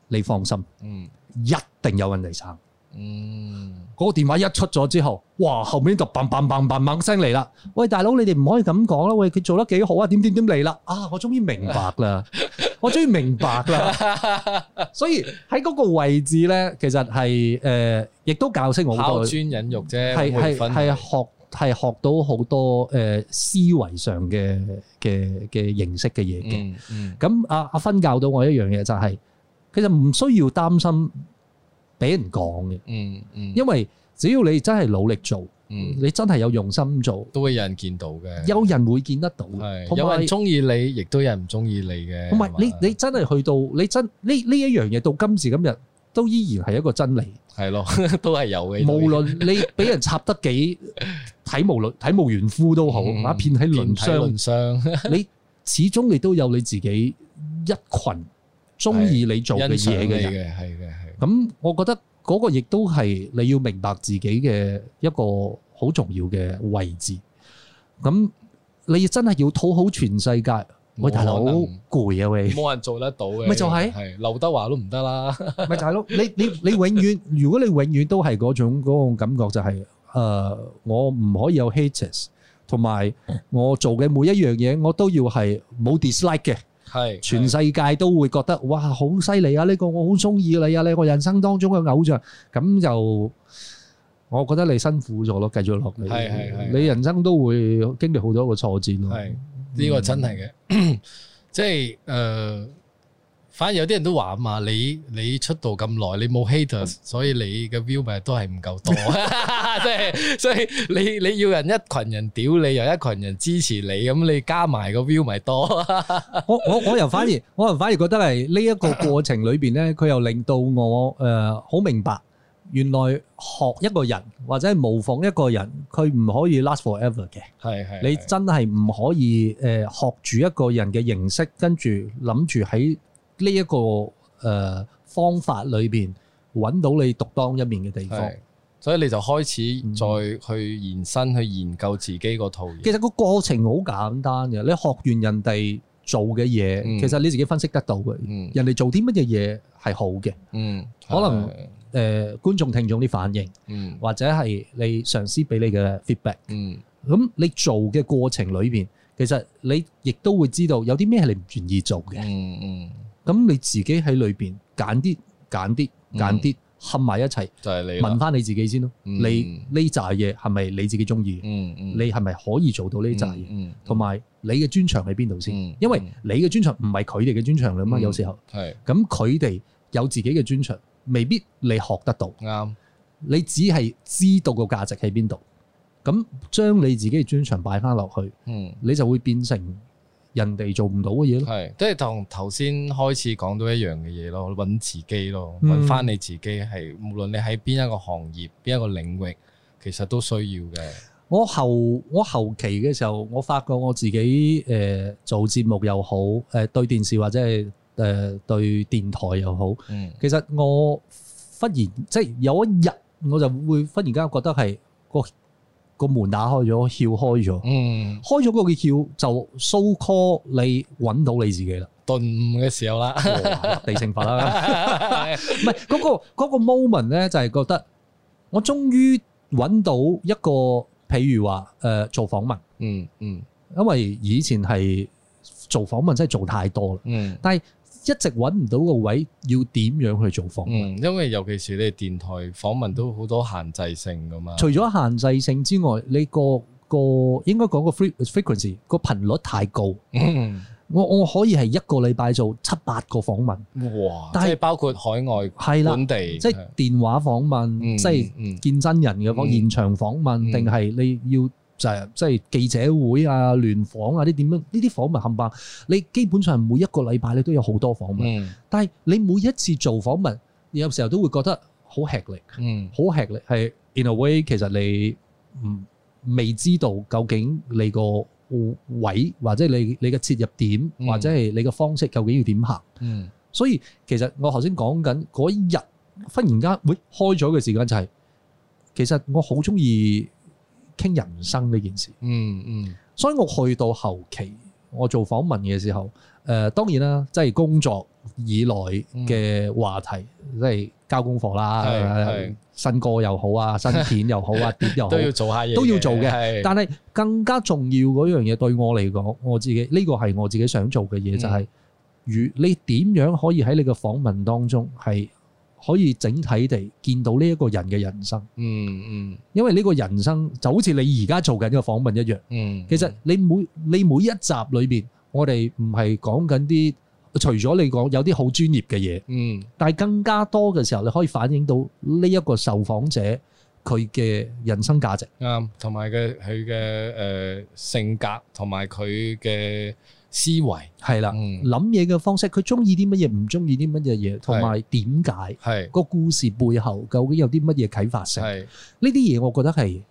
你放心，嗯，一定有人嚟撐，嗯。嗰個電話一出咗之後，哇！後面就砰砰砰砰猛聲嚟啦。喂，大佬，你哋唔可以咁講啦。喂，佢做得幾好啊？點點點嚟啦？啊，我終於明白啦！ 我終於明白啦！所以喺嗰個位置咧，其實係誒、呃，亦都教識我好多。考專忍辱啫，係係係學係學到好多誒、呃、思維上嘅嘅嘅認識嘅嘢嘅。咁阿阿芬教到我一樣嘢就係、是，其實唔需要擔心。俾人講嘅，嗯嗯，因為只要你真係努力做，嗯，你真係有用心做，都會有人見到嘅，有人會見得到，係有人中意你，亦都有人唔中意你嘅。唔係你，你真係去到你真呢呢一樣嘢，到今時今日都依然係一個真理。係咯，都係有嘅。無論你俾人插得幾體，無論體無完膚都好，遍體鱗傷、鱗傷，你始終你都有你自己一群中意你做嘅嘢嘅人，係嘅。咁，我覺得嗰個亦都係你要明白自己嘅一個好重要嘅位置。咁你真係要討好全世界，喂大佬好攰啊喂！冇人做得到嘅。咪就係，劉德華都唔得啦。咪就係咯，你你你永遠，如果你永遠都係嗰種嗰種感覺，就係誒，我唔可以有 haters，同埋我做嘅每一樣嘢，我都要係冇 dislike 嘅。係，全世界都會覺得的哇，好犀利啊！呢個我好中意你啊！」你我人生當中嘅偶像，咁就我覺得你辛苦咗咯，繼續落嚟，係係係，的你人生都會經歷好多個挫折咯，係呢個真係嘅， 即係誒。呃反而有啲人都話啊嘛，你你出道咁耐，你冇 haters，所以你嘅 view 咪都係唔夠多，即係所以你你要人一羣人屌你，又一羣人支持你，咁你加埋個 view 咪多。我我我又反而我又反而覺得係呢一個過程裏邊咧，佢又令到我誒好明白，原來學一個人或者係模仿一個人，佢唔可以 last forever 嘅。係係，你真係唔可以誒學住一個人嘅形式，跟住諗住喺呢一、這個誒、呃、方法裏邊揾到你獨當一面嘅地方，所以你就開始再去延伸、嗯、去研究自己個套嘢。其實個過程好簡單嘅，你學完人哋做嘅嘢，其實你自己分析得到嘅。人哋做啲乜嘢嘢係好嘅，嗯，嗯可能誒、呃、觀眾聽眾啲反應，嗯、或者係你上司俾你嘅 feedback，嗯，咁你做嘅過程裏邊，其實你亦都會知道有啲咩係你唔願意做嘅，嗯嗯。嗯咁你自己喺裏邊揀啲揀啲揀啲，合埋一齊，就係你問翻你自己先咯。你呢扎嘢係咪你自己中意？你係咪可以做到呢扎嘢？同埋你嘅專長喺邊度先？因為你嘅專長唔係佢哋嘅專長啊嘛。有時候係咁，佢哋有自己嘅專長，未必你學得到。啱，你只係知道個價值喺邊度，咁將你自己嘅專長擺翻落去，嗯，你就會變成。人哋做唔到嘅嘢咯，係即係同頭先開始講到一樣嘅嘢咯，揾自己咯，搵返你自己係、嗯、無論你喺邊一個行業、邊一個領域，其實都需要嘅。我後我後期嘅時候，我發覺我自己誒、呃、做節目又好，誒、呃、對電視或者係誒、呃、對電台又好，嗯、其實我忽然即係有一日我就會忽然間覺得係個。個門打開咗，竅開咗，嗯，開咗嗰個竅就 so call 你揾到你自己啦，頓悟嘅時候啦，地性法啦，唔係嗰個、嗰個 moment 咧，就係覺得我終於揾到一個譬如話誒、呃、做訪問，嗯嗯，嗯因為以前係做訪問真係做太多啦，嗯，但係。一直揾唔到個位，要點樣去做訪問？嗯，因為尤其是你電台訪問都好多限制性噶嘛。除咗限制性之外，你個個應該講個 frequency 個頻率太高。嗯，我我可以係一個禮拜做七八個訪問。哇！但係即係包括海外、本地，即係電話訪問，即係見真人嘅個，現場訪問定係你要。就係即係記者會啊、聯訪啊啲點樣？呢啲訪問冚唪唥，你基本上每一個禮拜你都有好多訪問。但係你每一次做訪問，有時候都會覺得好吃力，好吃力。係 in a way，其實你唔未知道究竟你個位或者你你嘅切入點或者係你嘅方式究竟要點行。嗯，所以其實我頭先講緊嗰一日忽然間會開咗嘅時間就係，其實我好中意。傾人生呢件事，嗯嗯，嗯所以我去到後期，我做訪問嘅時候，誒、呃、當然啦，即係工作以來嘅話題，嗯、即係交功課啦，嗯、新歌又好啊，新片又好啊，碟又 好都要做下嘢，都要做嘅。嗯、但係更加重要嗰樣嘢對我嚟講，我自己呢個係我自己想做嘅嘢，嗯、就係如你點樣可以喺你嘅訪問當中係。可以整體地見到呢一個人嘅人生，嗯嗯，嗯因為呢個人生就好似你而家做緊呢個訪問一樣，嗯，其實你每你每一集裏邊，我哋唔係講緊啲，除咗你講有啲好專業嘅嘢，嗯，但係更加多嘅時候，你可以反映到呢一個受訪者佢嘅人生價值，啱、嗯，同埋嘅佢嘅誒性格，同埋佢嘅。思維係啦，諗嘢嘅方式，佢中意啲乜嘢，唔中意啲乜嘢嘢，同埋點解係個故事背後究竟有啲乜嘢啟發性？係呢啲嘢，我覺得係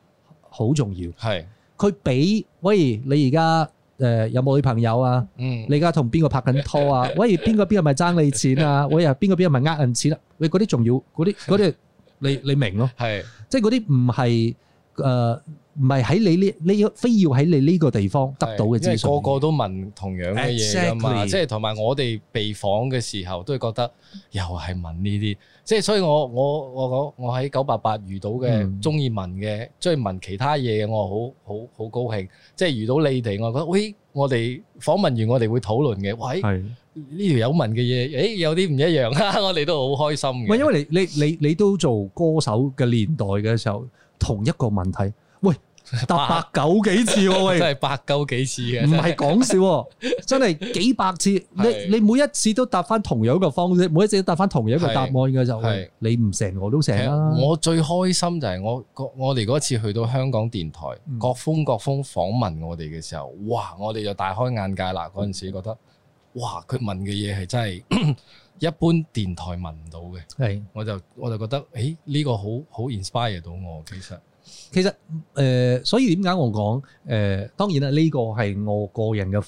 好重要。係佢俾，喂，你而家誒有冇女朋友啊？嗯，你而家同邊個拍緊拖啊？喂，邊個邊個咪爭你錢啊？喂啊，邊個邊個咪呃人錢啦？你嗰啲仲要嗰啲嗰啲，你你明咯？係即係嗰啲唔係誒。唔係喺你呢呢要非要喺你呢個地方得到嘅資訊，因為個個都問同樣嘅嘢啊嘛，即係同埋我哋被訪嘅時候都係覺得又係問呢啲，即係所以我我我講我喺九八八遇到嘅鍾意問嘅，鍾意問其他嘢嘅，我好好好高興，即係遇到你哋，我覺得喂，我哋訪問完我哋會討論嘅，喂，呢條有問嘅嘢，誒有啲唔一樣啊，我哋都好開心。唔係因為你你你你都做歌手嘅年代嘅時候，同一個問題。答八九幾次喎，啊、 真係八九幾次嘅，唔係講笑，啊， 真係幾百次。是你你每一次都答翻同樣一個方式，每一次都答翻同樣一個答案嘅，就係你唔成我都成啦，啊。我最開心就係我我哋嗰次去到香港電台，嗯、各風各風訪問我哋嘅時候，哇！我哋就大開眼界啦。嗰陣時覺得，哇！佢問嘅嘢係真係 一般電台問唔到嘅，係是我就我就覺得，誒、欸、呢、這個好好 inspire 到我，其實。其實誒，所以點解我講誒，當然啦，呢個係我個人嘅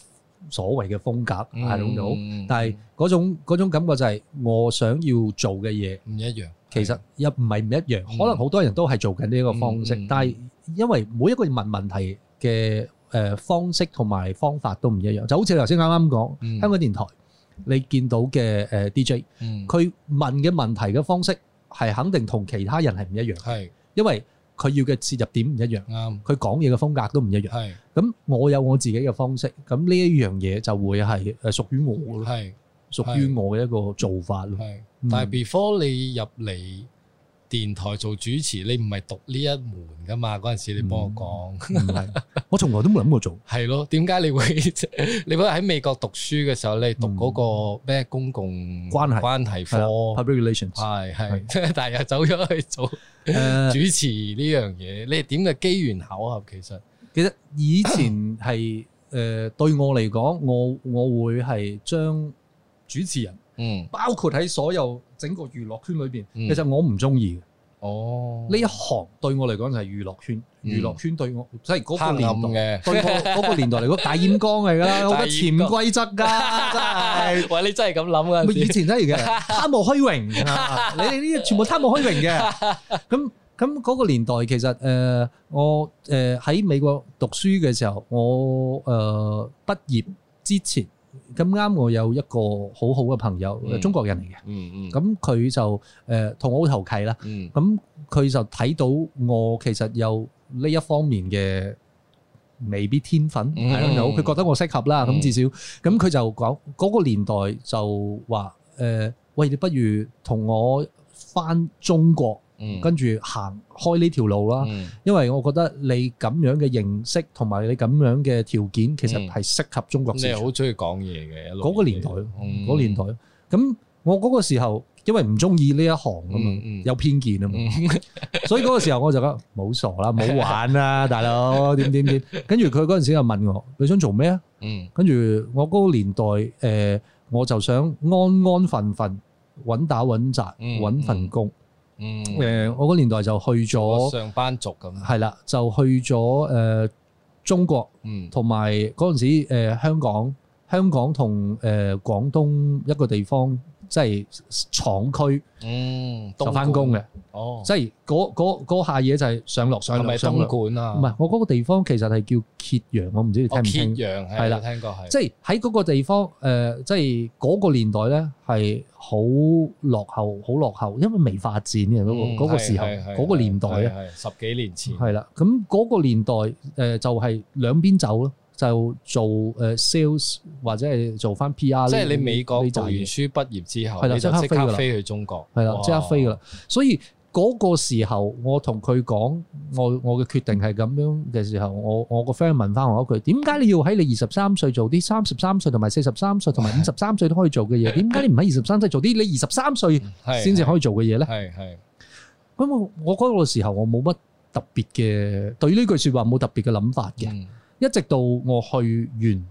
所謂嘅風格係咁樣，但係嗰種嗰種感覺就係我想要做嘅嘢唔一樣。其實又唔係唔一樣，可能好多人都係做緊呢個方式，但係因為每一個問問題嘅誒方式同埋方法都唔一樣，就好似你頭先啱啱講香港電台，你見到嘅誒 DJ，佢問嘅問題嘅方式係肯定同其他人係唔一樣，係因為。佢要嘅切入點唔一樣，佢講嘢嘅風格都唔一樣。咁對我有我自己嘅方式，咁呢一樣嘢就會係誒屬於我咯，對屬於我嘅一個做法咯。對嗯、但係 before 你入嚟。.電台做主持，你唔係讀呢一門噶嘛？嗰陣時你幫我講，嗯、 我從來都冇諗過做。係咯，點解你會？你嗰日喺美國讀書嘅時候，你讀嗰個咩公共關係關係課？Public Relations 係係，的但係又走咗去做主持呢、uh, 樣嘢？你係點嘅機緣巧合？其實，其實以前係誒、 呃、對我嚟講，我我會係將主持人，嗯，包括喺所有。整個娛樂圈裏邊，其實我唔中意哦，呢一行對我嚟講就係娛樂圈，娛樂、嗯、圈對我即係嗰個年代，暗對、嗰個年代嚟嗰大染缸嚟噶，好 多潛規則噶，真係。喂， 你真係咁諗噶以前真係嘅，貪慕虛榮，你哋呢啲全部貪慕虛榮嘅。咁咁嗰個年代，其實誒、呃，我誒喺美國讀書嘅時候，我誒畢、呃、業之前。咁啱我有一個好好嘅朋友，中國人嚟嘅。嗯嗯，咁佢就誒同我好投契啦。嗯，咁佢就睇到我其實有呢一方面嘅未必天分，係咯，佢覺得我適合啦。咁至少，咁佢就講嗰個年代就話誒，喂，你不如同我翻中國。跟住行開呢條路啦，嗯、因為我覺得你咁樣嘅形式同埋你咁樣嘅條件，其實係適合中國。你係好中意講嘢嘅，嗰個年代咯，嗰、嗯、年代咯。咁我嗰個時候，因為唔中意呢一行啊嘛，嗯嗯、有偏見啊嘛，嗯、所以嗰個時候我就覺得冇 傻啦，冇玩啦，大佬點點點。跟住佢嗰陣時就問我你想做咩啊？嗯，跟住我嗰個年代誒、呃，我就想安安，安分分穩打穩紮揾份工。搵搵搵 嗯，誒，我嗰年代就去咗上班族咁，係啦，就去咗誒、呃、中國，嗯，同埋嗰陣時、呃、香港，香港同誒、呃、廣東一個地方。即係廠區，嗯，就翻工嘅，哦，即係嗰下嘢就係上落上。係咪東莞啊？唔係，我嗰個地方其實係叫揭陽，我唔知你聽唔聽。揭陽係啦，聽過係。即係喺嗰個地方，誒，即係嗰個年代咧，係好落後，好落後，因為未發展嘅嗰個嗰個時候，嗰個年代啊，十幾年前係啦。咁嗰個年代，誒，就係兩邊走咯。就做誒 sales 或者係做翻 PR，即係你美國讀完書畢業之後，係啦，即刻飛啦，飛去中國，係啦，即刻飛噶啦。所以嗰個時候，我同佢講我我嘅決定係咁樣嘅時候，我我個 friend 問翻我一句：點解你要喺你二十三歲做啲三十三歲同埋四十三歲同埋五十三歲都可以做嘅嘢？點解你唔喺二十三歲做啲你二十三歲先至可以做嘅嘢咧？係係咁我我嗰個時候我冇乜特別嘅對呢句說話冇特別嘅諗法嘅。一直到我去完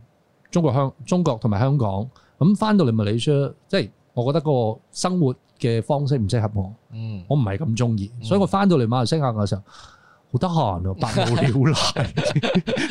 中國香中國同埋香港，咁翻到嚟馬來西亞，即係我覺得嗰個生活嘅方式唔適合我，我唔係咁中意，所以我翻到嚟馬來西亞嘅時候。好得閒啊，百無聊賴，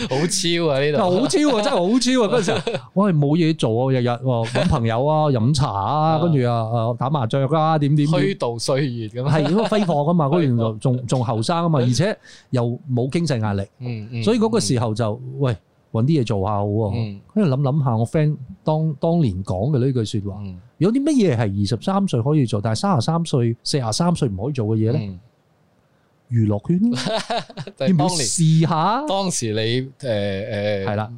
好超啊呢度，好超啊真係好超啊嗰陣時，我係冇嘢做啊，日日揾朋友啊，飲茶啊，跟住啊啊打麻雀啊，點點虛度歲月咁，係咁揮霍噶嘛，嗰時仲仲後生啊嘛，而且又冇經濟壓力，嗯嗯，所以嗰個時候就喂揾啲嘢做下好，啊，跟住諗諗下我 friend 當當,當年講嘅呢句說話，有啲乜嘢係二十三歲可以做，但係三十三歲、四十三歲唔可以做嘅嘢咧？嗯娛樂圈，要唔要試下？當時你誒誒係啦，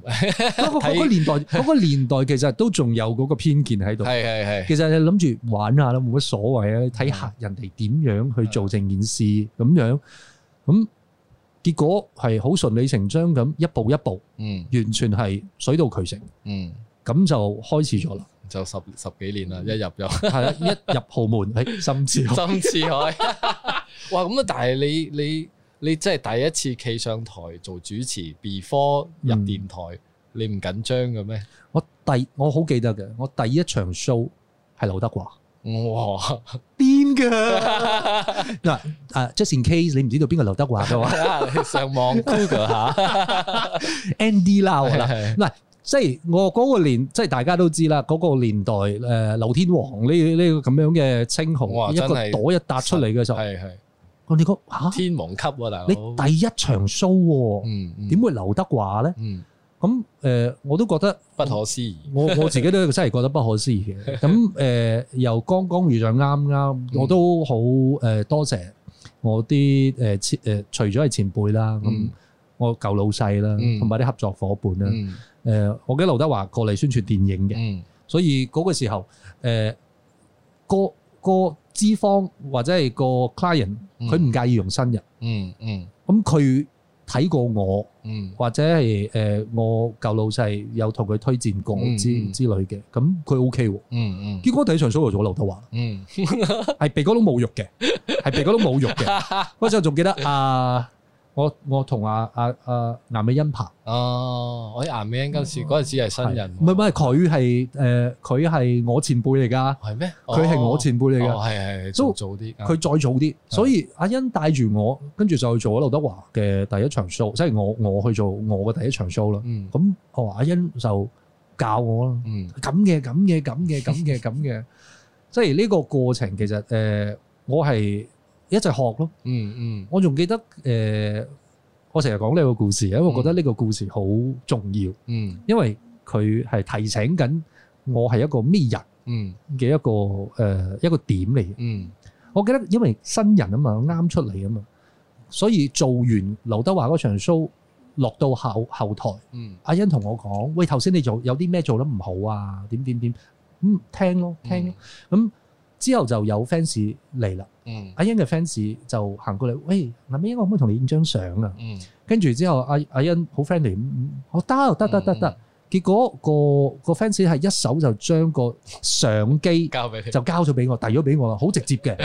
不過嗰個年代，嗰個年代其實都仲有嗰個偏見喺度。係係係，其實你諗住玩下啦，冇乜所謂啊。睇下人哋點樣去做成件事咁樣，咁結果係好順理成章咁一步一步，嗯，完全係水到渠成，嗯，咁就開始咗啦。就十十幾年啦，一入就係啦，一入豪門，深似深似海。哇！咁啊，但係你你你真係第一次企上台做主持，before 入電台，你唔緊張嘅咩？我第我好記得嘅，我第一場 show 係劉德華。哇！癲噶嗱！啊，just in case，你唔知道邊個劉德華嘅話？上網 Google 下 Andy Lau 啦嗱，即係我嗰個年，即係大家都知啦，嗰個年代誒，劉天王呢呢個咁樣嘅稱號，一個朵一笪出嚟嘅時候，係係。我你講吓、啊、天王級、啊、大佬，你第一場 show、啊，點、嗯嗯、會劉德華咧？咁誒、嗯呃，我都，覺得，我我都覺得不可思議。我我自己都真係覺得不可思議嘅。咁、呃、誒，又剛剛遇上啱啱，我都好誒，多謝我啲誒誒，除咗係前輩啦，咁、嗯、我舊老細啦，同埋啲合作夥伴啦。誒、嗯呃，我記得劉德華過嚟宣傳電影嘅，所以嗰個時候誒，哥哥。脂肪，或者係個 client，佢唔介意用新人。嗯嗯，咁佢睇過我，嗯，或者係誒我舊老細有同佢推薦過之之類嘅，咁佢 O K 喎。嗯嗯，結果我第一場所我 s h 做劉德華，嗯，係被嗰種侮辱嘅，係被嗰種侮辱嘅。嗰陣仲記得啊～、呃我我同阿阿阿顏美欣拍哦，我顏美欣嗰時嗰陣時係新人、啊，唔係唔係佢係誒佢係我前輩嚟噶，係咩？佢係我前輩嚟嘅，係係、oh, 早早啲，佢但再早啲，所以阿欣帶住我，跟住就去做劉德華嘅第一場 show，即係我我去做我嘅第一場 show 啦。嗯，咁阿欣就教我啦，嗯，咁嘅咁嘅咁嘅咁嘅咁嘅， 即係呢個過程其實誒、呃，我係。一齊學咯、嗯，嗯嗯、呃，我仲記得誒，我成日講呢個故事，因為我覺得呢個故事好重要，嗯，因為佢係提醒緊我係一個咩人，嗯嘅一個誒、嗯呃、一個點嚟。嗯，我記得因為新人啊嘛，啱出嚟啊嘛，所以做完劉德華嗰場 show，落到後後台，嗯、阿欣同我講，喂，頭先你做有啲咩做得唔好啊，點點點，嗯，聽咯，聽咯，咁。之後就有 fans 嚟啦，阿欣嘅 fans 就行過嚟，喂，阿咩，我可唔可以同你影張相啊？跟住之後，阿阿欣好 friendly，我得得得得得，嗯、結果、嗰個、嗰個 fans 係一手就將個相機交俾佢，就交咗俾我，遞咗俾我啦，好直接嘅。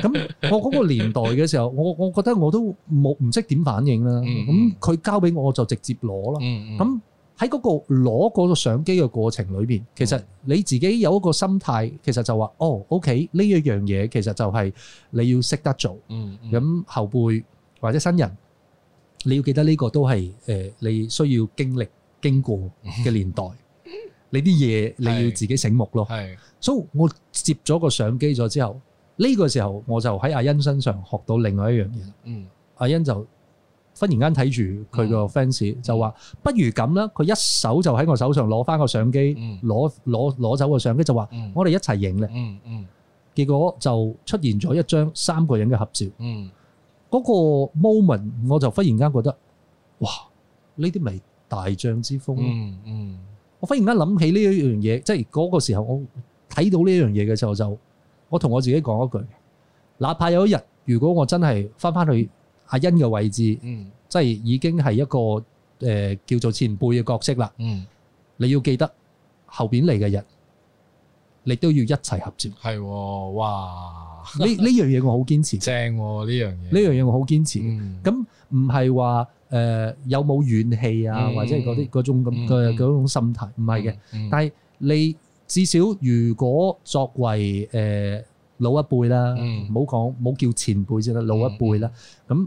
咁 我嗰個年代嘅時候，我我覺得我都冇唔識點反應啦。咁佢、嗯嗯、交俾我，我就直接攞啦。咁、嗯。嗯嗯喺嗰個攞個相機嘅過程裏邊，其實你自己有一個心態，其實就話哦，OK 呢一樣嘢其實就係你要識得做，咁、嗯嗯、後輩或者新人，你要記得呢個都係誒、呃、你需要經歷經過嘅年代，嗯、你啲嘢你要自己醒目咯。係，所以、so, 我接咗個相機咗之後，呢、這個時候我就喺阿欣身上學到另外一樣嘢、嗯。嗯，阿欣就。忽然間睇住佢個 fans 就話說，嗯、不如咁啦！佢一手就喺我手上攞翻個相機，攞攞攞走個相機就話，嗯、我哋一齊影咧。嗯嗯，結果就出現咗一張三個人嘅合照。嗯，嗰個 moment 我就忽然間覺得，哇！呢啲咪大將之風、啊嗯。嗯嗯，我忽然間諗起呢一樣嘢，即係嗰個時候我睇到呢一樣嘢嘅時候就，就我同我自己講一句：哪怕有一日，如果我真係翻返去，阿欣嘅位置，即係已經係一個誒叫做前輩嘅角色啦。你要記得後邊嚟嘅人，你都要一齊合接。係哇，呢呢樣嘢我好堅持。正呢樣嘢，呢樣嘢我好堅持。咁唔係話誒有冇怨氣啊，或者係嗰啲嗰種咁嘅嗰種心態，唔係嘅。但係你至少如果作為誒老一輩啦，唔好講，唔好叫前輩先啦，老一輩啦，咁。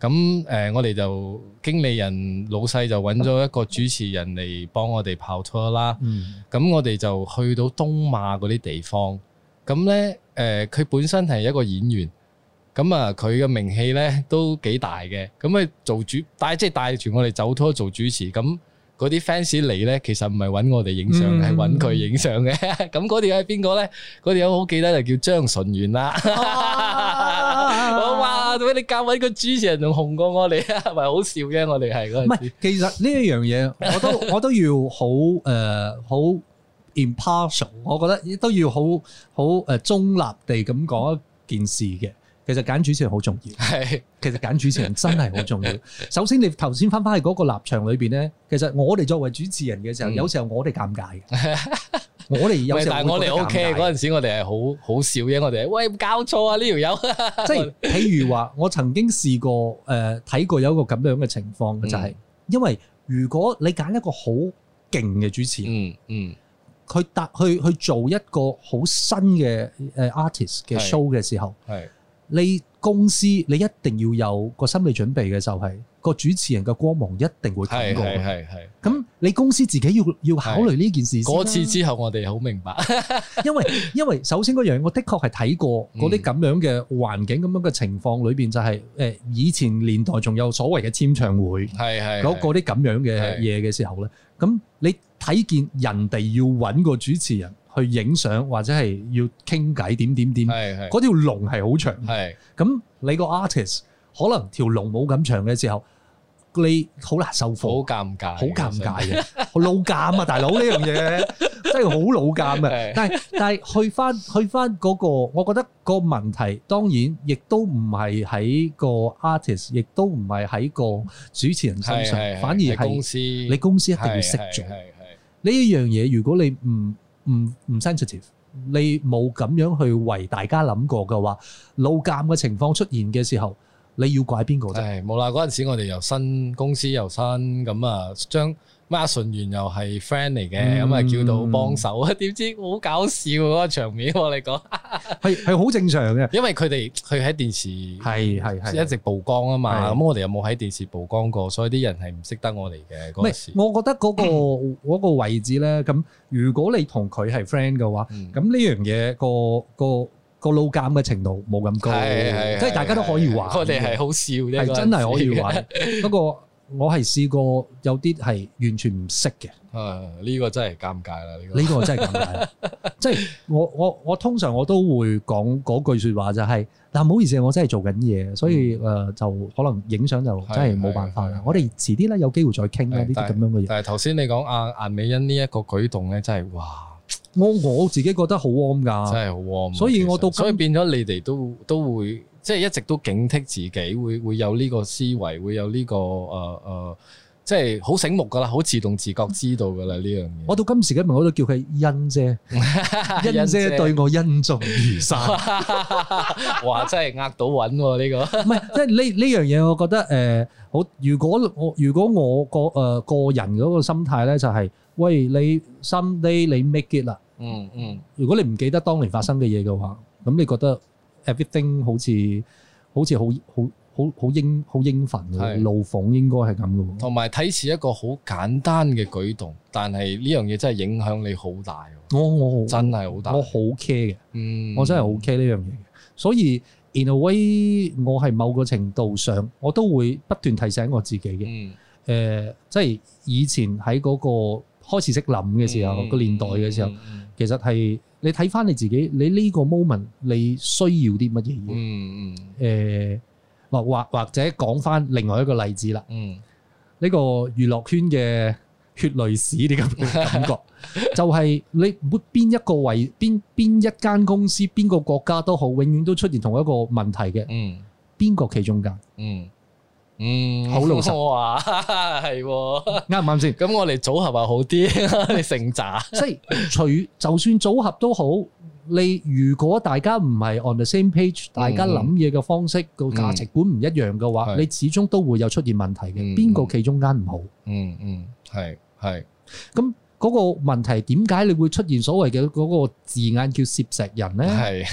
咁誒，我哋就經理人老細就揾咗一個主持人嚟幫我哋跑拖啦。咁、嗯、我哋就去到東馬嗰啲地方。咁咧誒，佢、呃、本身係一個演員。咁啊，佢嘅名氣咧都幾大嘅。咁佢做主帶即係、就是、帶住我哋走拖做主持。咁嗰啲 fans 嚟咧，其實唔係揾我哋影相，係揾佢影相嘅。咁嗰條係邊個咧？嗰、那、條、個、我好記得就叫張純元啦。 啊、 哇我話做咩你教位個主持人仲紅過我哋，係咪 好笑嘅？我哋係嗰陣時。其實呢一樣嘢，我都我都要好誒好、 呃、impartial，我覺得都要好好誒中立地咁講一件事嘅。其實揀主持人好重要，係其實揀主持人真係好重要。首先，你頭先翻翻去嗰個立場裏邊咧，其實我哋作為主持人嘅時候，有時候我哋尷尬嘅，我哋有時候我哋 O K 嗰陣時，我哋係好好笑嘅，我哋喂，搞錯啊呢條友。即係譬如話，我曾經試過誒睇過有一個咁樣嘅情況嘅，就係因為如果你揀一個好勁嘅主持人，嗯嗯，佢搭去去做一個好新嘅誒 artist 嘅 show 嘅時候，係。你公司你一定要有個心理準備嘅，就係個主持人嘅光芒一定會冚過。係係係係。咁你公司自己要要考慮呢件事。嗰次之後，我哋好明白，因為因為首先嗰樣嘢，我的確係睇過嗰啲咁樣嘅環境咁樣嘅情況裏邊，就係誒以前年代仲有所謂嘅簽唱會，係係嗰嗰啲咁樣嘅嘢嘅時候咧。咁你睇見人哋要揾個主持人。去影相或者係要傾偈點點點，嗰條龍係好長，咁你個 artist 可能條龍冇咁長嘅時候，你好難收貨，好尷尬，好尷尬嘅老尷啊，大佬呢樣嘢真係好老尷啊！但係但係去翻去翻嗰個，我覺得個問題當然亦都唔係喺個 artist，亦都唔係喺個主持人身上，反而係公司，你公司一定要識做呢樣嘢。如果你唔唔唔 sensitive，你冇咁樣去為大家諗過嘅話，漏鑒嘅情況出現嘅時候，你要怪邊個啫？係冇啦，嗰陣時我哋由新公司又新咁啊，將。阿順源又係 friend 嚟嘅，咁啊叫到幫手啊！點知好搞笑嗰個場面，我嚟講係係好正常嘅，因為佢哋佢喺電視係係係一直曝光啊嘛。咁我哋又冇喺電視曝光過，所以啲人係唔識得我哋嘅嗰時。我覺得嗰個位置咧，咁如果你同佢係 friend 嘅話，咁呢樣嘢個個個露鑑嘅程度冇咁高，即係大家都可以玩。我哋係好笑，係真係可以玩，不過。我係試過有啲係完全唔識嘅，啊呢個真係尷尬啦！呢個呢 個真係尷尬，即係我我我通常我都會講嗰句説話就係，但唔好意思，我真係做緊嘢，所以誒就可能影相就真係冇辦法啦。我哋遲啲咧有機會再傾啦，呢啲咁樣嘅嘢。但係頭先你講啊顏美欣呢一個舉動咧，真係哇！我我自己覺得好 warm 㗎，真係好 warm。所以我都所以變咗你哋都都會。即係一直都警惕自己，會會有呢個思維，會有呢、這個誒誒、呃呃，即係好醒目噶啦，好自動自覺知道噶啦呢樣嘢。我到今時今日我都叫佢恩姐，恩 欣姐，姐對我恩重如山。 哇！真係呃到穩喎、啊、呢 個，唔係即係呢呢樣嘢，我覺得誒、呃、好。如果我如果我個誒、呃、個人嗰個心態咧、就是，就係喂你 some day 你 make it 啦。嗯嗯。如果你唔記得當年發生嘅嘢嘅話，咁你覺得？Everything 好似好似好好好好英好英憤嘅的路況應該係咁嘅，同埋睇似一個好簡單嘅舉動，但係呢樣嘢真係影響你好大。我我真係好大，我好 care 嘅，我真係好 care 呢樣嘢。所以 in a way，我係某個程度上，我都會不斷提醒我自己嘅。誒、嗯呃，即係以前喺嗰個開始識諗嘅時候，個、嗯、年代嘅時候，其實係。你睇翻你自己，你呢個 moment 你需要啲乜嘢嘢？嗯嗯，誒，或或或者講翻另外一個例子啦。嗯，呢個娛樂圈嘅血淚史噉感覺， 就係你每邊一個位，邊邊一間公司，邊個國家都好，永遠都出現同一個問題嘅。嗯，邊個其中間？嗯。嗯，好囉嗦啊，係喎，啱唔啱先？咁我哋組合又好啲，你成扎，即係除就算組合都好，你如果大家唔係 on the same page，大家諗嘢嘅方式個價值觀唔一樣嘅話，你始終都會有出現問題嘅，邊個企中間唔好？嗯嗯，係係，咁嗰個問題點解你會出現所謂嘅嗰個字眼叫攝石人呢？係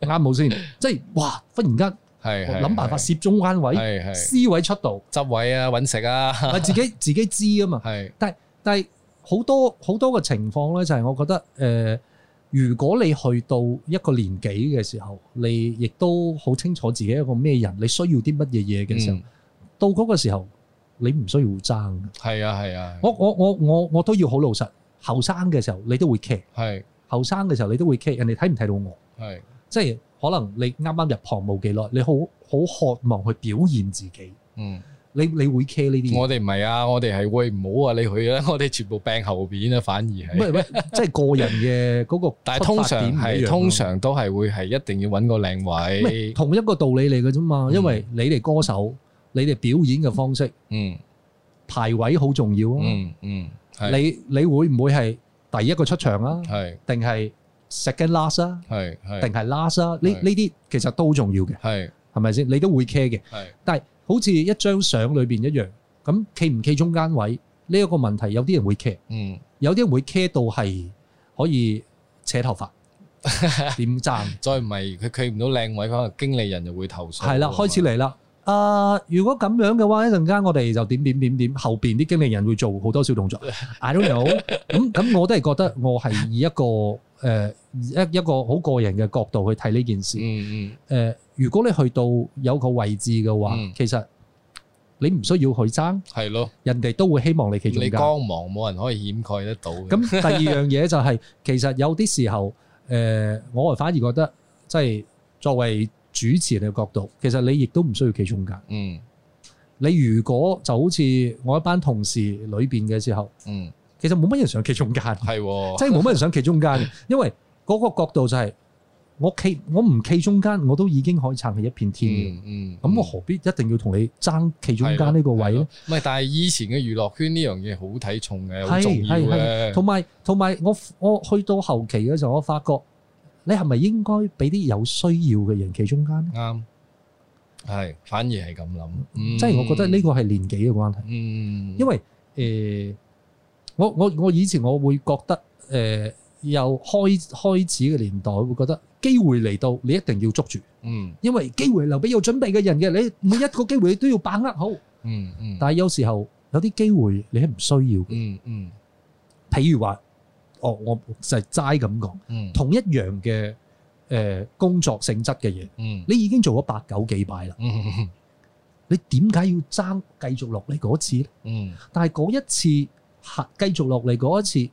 啱冇先？即係哇，忽然間。係諗辦法攝中間位，係係係，C 位出道，執位啊，搵食啊，係 自己自己知啊嘛。係是，但係但係好多好多嘅情況咧，就係我覺得誒、呃，如果你去到一個年紀嘅時候，你亦都好清楚自己一個咩人，你需要啲乜嘢嘢嘅時候，嗯、到嗰個時候你唔需要爭。係啊係啊，啊啊我我我我我都要好老實。後生嘅時候你都會 care，係後生嘅時候你都會 care，人哋睇唔睇到我？係。即係可能你啱啱入行冇幾耐，你好好渴望去表現自己。嗯，你你會 care 呢啲？我哋唔係啊，我哋係會唔好話你去啊，我哋全部病後邊啦，反而係唔係唔係？即係個人嘅嗰個出發點唔一樣。但係通常係，通常都係會係一定要揾個靚位。唔係同一個道理嚟嘅啫嘛，因為你哋歌手，你哋表演嘅方式，嗯，排位好重要啊。嗯嗯，你你會唔會係第一個出場啊？係定係？second last 啊，係係，定係 last 啊，呢呢啲其實都好重要嘅，係係咪先？你都會 care 嘅，係，但係好似一張相裏邊一樣，咁企唔企中間位呢一個問題，有啲人會 care，嗯，有啲人會 care 到係可以扯頭髮點贊，再唔係佢企唔到靚位，咁啊經理人就會投訴，係啦，開始嚟啦。啊！如果咁樣嘅話，一陣間我哋就點點點點後邊啲經理人會做好多小動作。I don't know。咁咁我都係覺得我係以一個誒一一個好個人嘅角度去睇呢件事。嗯嗯。誒，如果你去到有個位置嘅話，其實你唔需要去爭。係咯，人哋都會希望你企中間。你光芒冇人可以掩蓋得到嘅。咁第二樣嘢就係，其實有啲時候誒，我係反而覺得即係作為主持人嘅角度，其實你亦都唔需要企中間。嗯，你如果就好似我一班同事裏邊嘅時候，嗯，其實冇乜人想企中間，係喎，真係冇乜人想企中間嘅，因為嗰個角度就係我企，我唔企中間，我都已經可以撐起一片天。嗯，嗯嗯嗯，咁我何必一定要同你爭企中間呢個位咧？唔係，但係以前嘅娛樂圈呢樣嘢好睇重嘅，好重要，同埋同埋，我我，我，我去到後期嘅時候，我發覺。你係咪應該俾啲有需要嘅人企中間啱，係反而係咁諗，即、嗯、係我覺得呢個係年紀嘅關係。嗯，嗯，因為誒，我我我以前我會覺得誒，由、呃、開開始嘅年代會覺得機會嚟到，你一定要捉住。嗯，因為機會留俾有準備嘅人嘅，你每一個機會你都要把握好。嗯嗯，嗯，但係有時候有啲機會你係唔需要嘅。嗯嗯，譬如話。哦，我就係齋咁講，同一樣嘅誒工作性質嘅嘢，你已經做咗八九幾擺啦，你點解要爭繼續落嚟嗰次咧？嗯，但係嗰一次吓繼續落嚟嗰一次，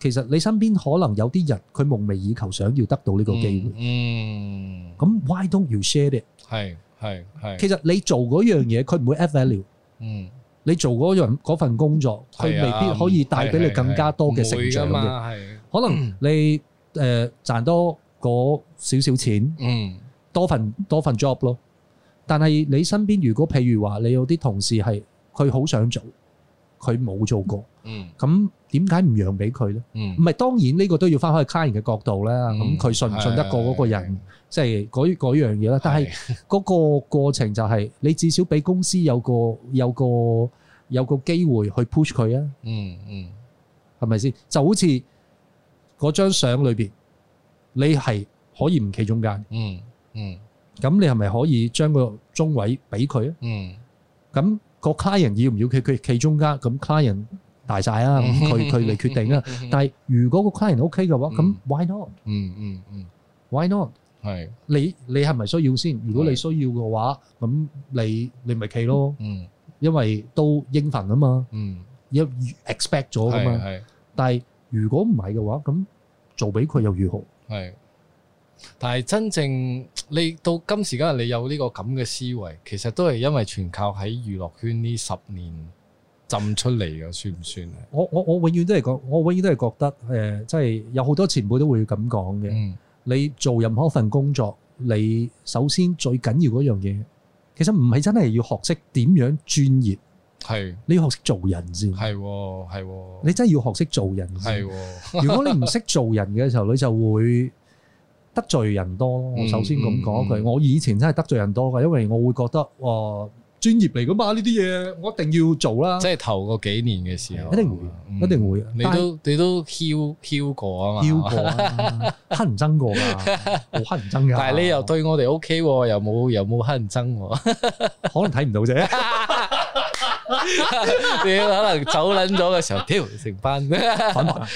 其實你身邊可能有啲人佢夢寐以求，想要得到呢個機會。嗯，咁 Why don't you share it？係係係，其實你做嗰樣嘢，佢唔會 add value。嗯。你做嗰樣嗰份工作，佢未必可以帶俾你更加多嘅成長嘅。可能你誒賺多嗰少少錢，嗯，多份多份 job 咯。但係你身邊如果譬如話，你有啲同事係佢好想做，佢冇做過，嗯，咁。點解唔讓俾佢咧？唔係，當然呢個都要翻開 client 嘅角度咧。咁佢信唔信得過嗰個人，即係嗰嗰樣嘢啦。但係嗰個過程就係你至少俾公司有個有個有個機會去 push 佢啊。嗯嗯，係咪先？就好似嗰張相裏邊，你係可以唔企中間。嗯嗯，咁你係咪可以將個中位俾佢啊？嗯，咁個 client 要唔要企佢企中間？咁 client。大晒啦，佢佢嚟決定啦。但係如果個 client OK 嘅話，咁、嗯嗯嗯、why not？嗯嗯嗯，why not？係你你係咪需要先？如果你需要嘅話，咁你你咪企咯。嗯，因為都應份啊嘛。嗯，一 expect 咗㗎嘛。係係。但係如果唔係嘅話，咁做俾佢又如何？係。但係真正你到今時今日，你有呢個咁嘅思維，其實都係因為全靠喺娛樂圈呢十年。浸出嚟嘅算唔算啊？我我我永遠都係講，我永遠都係覺得，誒、呃，即係有好多前輩都會咁講嘅。嗯、你做任何一份工作，你首先最緊要嗰樣嘢，其實唔係真係要學識點樣專業，係是你要學識做人先。係喎、哦，哦、你真係要學識做人。係喎是、哦， 如果你唔識做人嘅時候，你就會得罪人多。我首先咁講一句，嗯嗯、我以前真係得罪人多嘅，因為我會覺得，哇！專業嚟噶嘛呢啲嘢，我一定要做啦。即係頭個幾年嘅時候，一定會，一定會。你都你都囂囂過啊嘛，囂過，乞人憎過嘛，我乞人憎噶。但係你又對我哋 OK，又冇又冇乞人憎，可能睇唔到啫。你可能走捻咗嘅時候，屌，成班反白，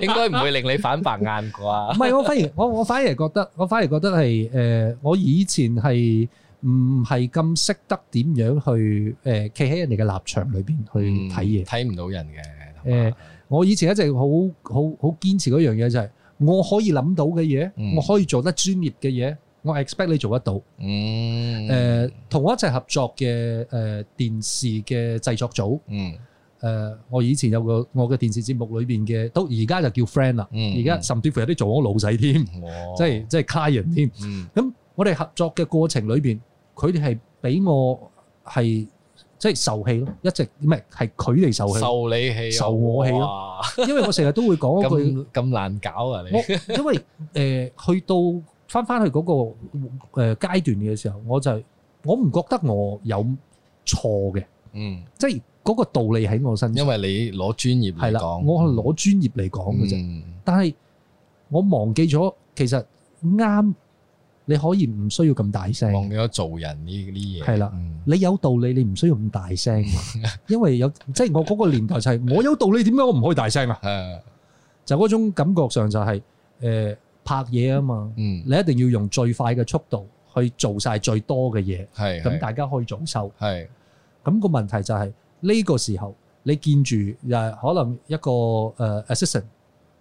應該唔會令你反白眼啩？唔係我反而我我反而覺得我反而覺得係誒，我以前係。唔係咁識得點樣去誒，企喺人哋嘅立場裏邊去睇嘢，睇唔、嗯、到人嘅。誒、欸，我以前一直好好好堅持嗰樣嘢就係、是，我可以諗到嘅嘢，嗯、我可以做得專業嘅嘢，我 expect 你做得到。嗯。誒、呃，同我一齊合作嘅誒、呃、電視嘅製作組。嗯。誒、呃，我以前有個我嘅電視節目裏邊嘅，到而家就叫 friend 啦。而家、嗯、甚至乎有啲做我老細添哇。即係即係卡人添。嗯。咁我哋合作嘅過程裏邊。佢哋係俾我係即係受氣咯，一直唔係係佢哋受氣，受你氣，受我氣咯。因為我成日都會講一句，咁難搞啊，你。我因為誒去到翻翻去嗰個誒階段嘅時候，我就係我唔覺得我有錯嘅，嗯，即係嗰個道理喺我身上。因為你攞專業嚟講，係啦，我攞專業嚟講嘅啫。但係我忘記咗，其實啱。你可以唔需要咁大聲，忘咗做人呢啲嘢。係啦的，嗯、你有道理，你唔需要咁大聲，因為有即係、就是、我嗰個年代就係、是、 我有道理，點解我唔可以大聲啊？ 就嗰種感覺上就係、是、誒、呃、拍嘢啊嘛，嗯、你一定要用最快嘅速度去做晒最多嘅嘢，咁是的 大家可以早收。係，咁個問題就係、是、呢、這個時候你見住誒可能一個誒、呃、assistant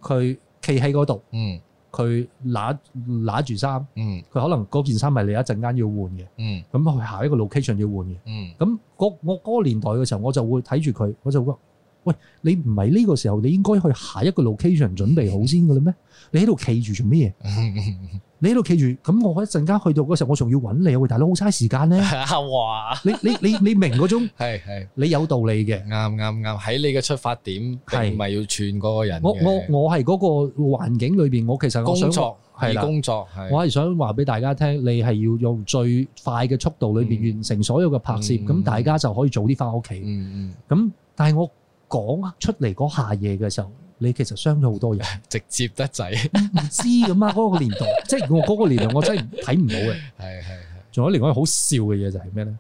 佢企喺嗰度，嗯。佢拿拿住衫，佢可能嗰件衫係你一陣間要換嘅，咁、嗯、去下一個 location 要換嘅，咁、嗯嗰個、我嗰、嗰個年代嘅時候我，我就會睇住佢，我就會話：喂，你唔係呢個時候，你應該去下一個 location 準備好先㗎喇咩？你喺度企住做咩嘢？嗯 你喺度企住，咁我一陣間去到嗰時候，我仲要揾你，喂大佬，好嘥時間咧。哇！你你你你明嗰種係係，你有道理嘅。啱啱啱，喺你嘅出發點並唔係要串嗰個人嘅。我我我係嗰個環境裏邊，我其實我想以工作，我係想話俾大家聽，你係要用最快嘅速度裏邊完成所有嘅拍攝，咁大家就可以早啲翻屋企。嗯嗯。咁，但係我講出嚟嗰下嘢嘅時候。你其實傷咗好多嘢，直接得滯，唔知咁啊！嗰個年代， 即係我嗰個年代，我真係睇唔到嘅。係係係。仲有另外一個好笑嘅嘢就係咩咧？誒、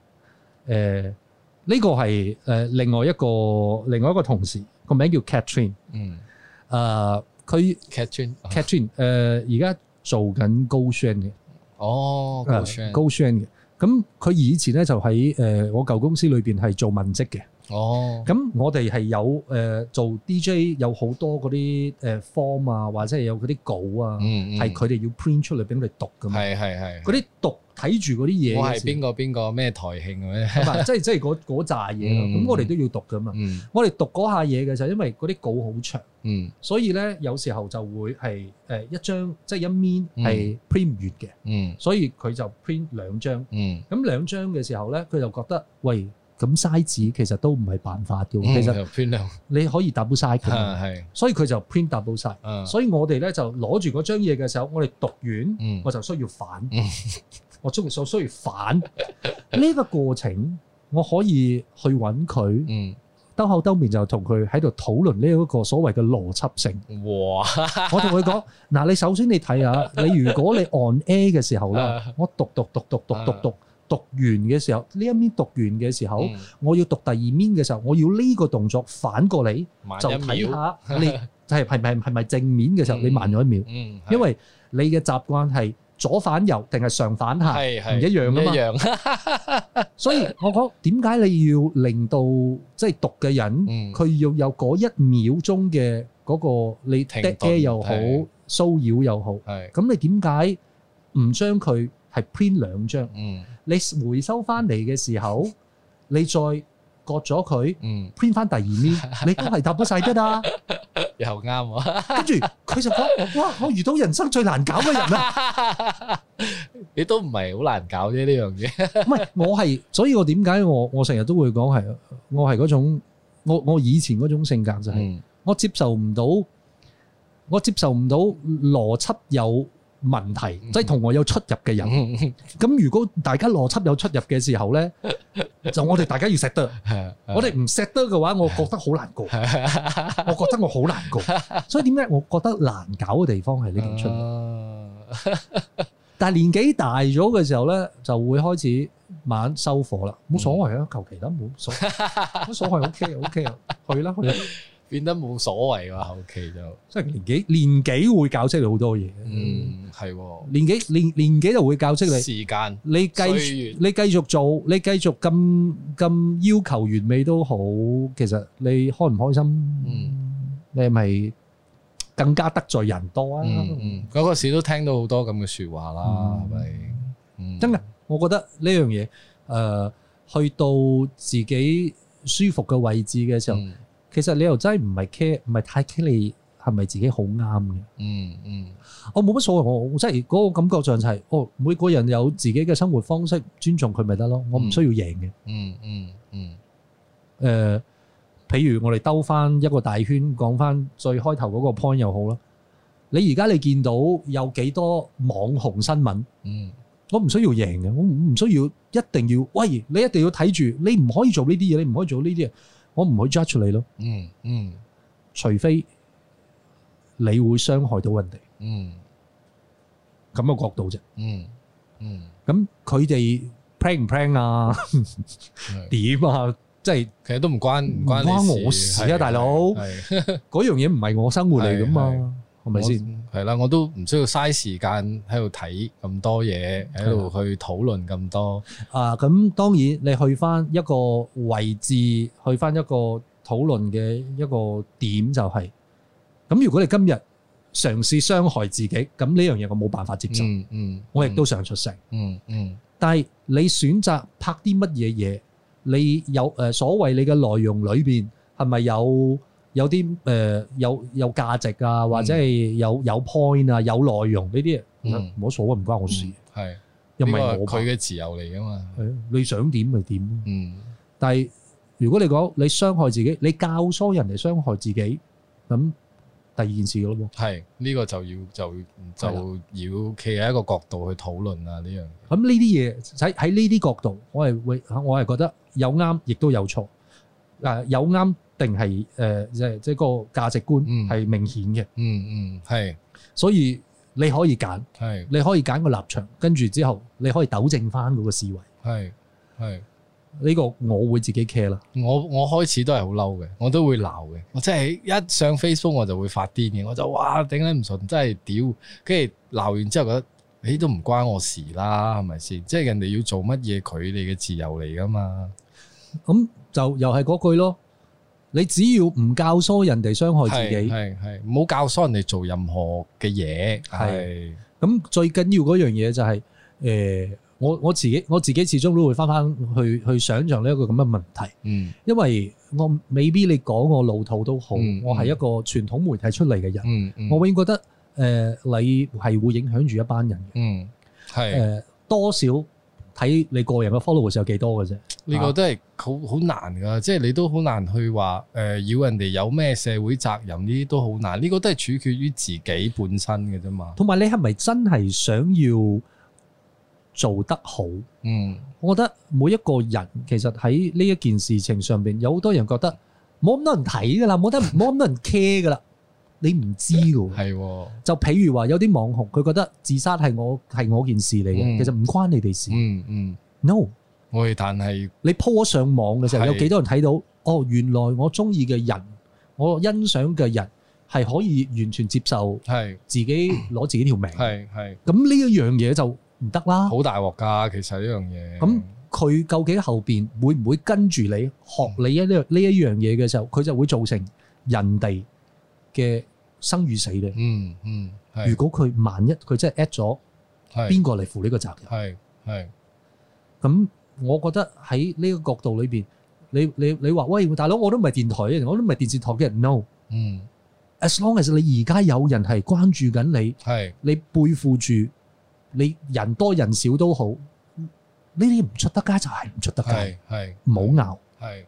呃，呢、呢個係誒另外一個另外一個同事，個名叫 Catrine 嗯。誒、呃，佢 Catrine Catrine 誒，而家 Kat rin?、呃、做緊高薪嘅。哦，高薪高薪嘅。咁佢以前咧就喺誒我舊公司裏邊係做文職嘅。哦，咁我哋係有誒做 DJ 有好多嗰啲誒 form 啊，或者係有嗰啲稿啊，係佢哋要 print 出嚟俾我哋讀噶嘛。係係係。嗰啲讀睇住嗰啲嘢。我係邊個邊個咩台慶咁樣？即係即係嗰嗰扎嘢，咁我哋都要讀噶嘛。我哋讀嗰下嘢嘅就因為嗰啲稿好長，所以咧有時候就會係誒一張即係一面係 print 唔完嘅，所以佢就 print 兩張。咁兩張嘅時候咧，佢就覺得喂，咁 size 其實都唔係辦法嘅，其實你可以 double size，所以佢就 print double size。所以我哋咧就攞住嗰張嘢嘅時候，我哋讀完，我就需要反，我中學數需要反呢 Yeshua ez. 個過程，我可以去揾佢，兜口兜面就同佢喺度討論呢一個所謂嘅邏輯性。哇！我同佢講嗱，你首先你睇下，你如果你按 A 嘅時候咧，我讀讀讀讀讀讀讀。Troop, troop, psilon, 讀完嘅時候，呢一面讀完嘅時候，我要讀第二面嘅時候，我要呢個動作反過嚟，就睇下你係係咪係咪正面嘅時候，你慢咗一秒。嗯，因為你嘅習慣係左反右定係上反下，係係唔一樣噶嘛。唔一樣。所以我講點解你要令到即係讀嘅人，佢要有嗰一秒鐘嘅嗰個你跌嘅又好，騷擾又好。係。咁你點解唔將佢係 print 兩張？嗯。你回收翻嚟嘅時候，你再割咗佢，拼翻第二面，你都係搭到晒得啦。又啱啊！跟住佢就講：哇！我遇到人生最難搞嘅人啦！你都唔係好難搞啫，呢樣嘢。唔係，我係，所以我點解我我成日都會講係，我係嗰種，我我以前嗰種性格就係，我接受唔到，我接受唔到邏輯有。問題即係同我有出入嘅人，咁 如果大家邏輯有出入嘅時候呢，就我哋大家要 set 得， 我哋唔 set 得嘅話，我覺得好難過， 我覺得我好難過。所以點解我覺得難搞嘅地方係呢點出嚟？ 但係年紀大咗嘅時候呢，就會開始慢慢收火啦，冇所謂啊，求其啦，冇所冇所謂，OK，OK 啊， 可以啦，可以。可以。變得冇所謂噶，後期就即係年紀年紀會教識你好多嘢。嗯，係年紀年年紀就會教識你時間。你繼你繼續做，你繼續咁咁要求完美都好。其實你開唔開心？嗯，你咪更加得罪人多啊。嗰個時都聽到好多咁嘅說話啦，係咪？真嘅，我覺得呢樣嘢，誒，去到自己舒服嘅位置嘅時候。其實你又真係唔係 care，唔係太 care 你係咪自己好啱嘅。嗯嗯，我冇乜所謂，我即係嗰個感覺上就係、是，我、哦、每個人有自己嘅生活方式，尊重佢咪得咯。我唔需要贏嘅、嗯。嗯嗯嗯。誒、呃，譬如我哋兜翻一個大圈，講翻最開頭嗰個 point 又好啦。你而家你見到有幾多網紅新聞？嗯，我唔需要贏嘅，我唔需要一定要，喂，你一定要睇住，你唔可以做呢啲嘢，你唔可以做呢啲嘢。我唔會 judge 你咯、嗯，嗯嗯，除非你會傷害到人哋、嗯，嗯，咁嘅角度啫、嗯，嗯嗯，咁佢哋 plan 唔 plan 啊？點 啊？即係其實都唔關唔關，關我事啊，的大佬哥，嗰樣嘢唔係我生活嚟噶嘛，係咪先？係啦，我都唔需要嘥時間喺度睇咁多嘢，喺度去討論咁多啊。咁當然你去返一個位置，去返一個討論嘅一個點就係，是，咁。如果你今日嘗試傷害自己，咁呢樣嘢我冇辦法接受。嗯，嗯我亦都想出聲、嗯。嗯嗯，但係你選擇拍啲乜嘢嘢，你有誒、呃、所謂你嘅內容裏邊係咪有？有啲誒、呃、有有價值啊，或者係有有 point 啊，有內容呢啲，唔好所謂啊，唔關我事。係、嗯、因為冇佢嘅自由嚟嘅嘛？係啊，你想點咪點，嗯，但係如果你講你傷害自己，你教唆人嚟傷害自己，咁第二件事咯喎。係呢、呢個就要就就要企喺一個角度去討論啊！呢樣咁呢啲嘢喺喺呢啲角度，我係會我係覺得有啱，亦都有錯。誒，有啱定係誒，即係即係個價值觀係明顯嘅，嗯。嗯嗯，係，所以你可以揀，係是，你可以揀個立場，跟住之後你可以糾正翻嗰個思維。係係，呢個我會自己 care 啦。我我開始都係好嬲嘅，我都會鬧嘅。我真係一上 Facebook 我就會發癲嘅，我就哇頂你唔順，真係屌！跟住鬧完之後覺得，你、欸、都唔關我事啦，係咪先？即係人哋要做乜嘢，佢哋嘅自由嚟噶嘛。咁、嗯。就又係嗰句咯，你只要唔教唆人哋傷害自己，係係，唔好教唆人哋做任何嘅嘢，係。咁最緊要嗰樣嘢就係，誒，我我自己我自己始終都會翻翻去去想象呢一個咁嘅問題，嗯，因為我未必你講我老土都好，我係一個傳統媒體出嚟嘅人，嗯，我永遠覺得，誒，你係會影響住一班人嘅，嗯，係，誒，多少。睇你個人嘅 followers 有幾多嘅啫、啊，呢個都係好好難噶，即係你都好難去話誒要人哋有咩社會責任呢啲都好難，呢、這個都係取決於自己本身嘅啫嘛。同埋你係咪真係想要做得好？嗯，我覺得每一個人其實喺呢一件事情上邊，有好多人覺得冇咁多人睇㗎啦，冇 得冇咁多人 care 噶啦。你唔知㗎，係的就譬如話有啲網紅，佢覺得自殺係我係我件事嚟嘅，嗯、其實唔關你哋事。嗯嗯，no，喂，但係你 po 咗上網嘅時候，的有幾多人睇到？哦，原來我中意嘅人，我欣賞嘅人係可以完全接受，係自己攞的自己條命，係係。咁呢一樣嘢就唔得啦，好大鑊㗎。其實呢樣嘢，咁佢究竟後邊會唔會跟住你學你一呢呢一樣嘢嘅時候，佢就會造成人哋。嘅生與死咧、嗯，嗯嗯，如果佢萬一佢真係 at 咗，邊個嚟負呢個責任？係係、嗯，咁、嗯、我覺得喺呢個角度裏邊，你你你話喂，大佬我都唔係電台嘅，我都唔係電視台嘅，no，嗯，as long as 你而家有人係關注緊你，係、嗯，你背負住，你人多人少都好，呢啲唔出得街就係唔出得街，係、嗯，唔好拗，係。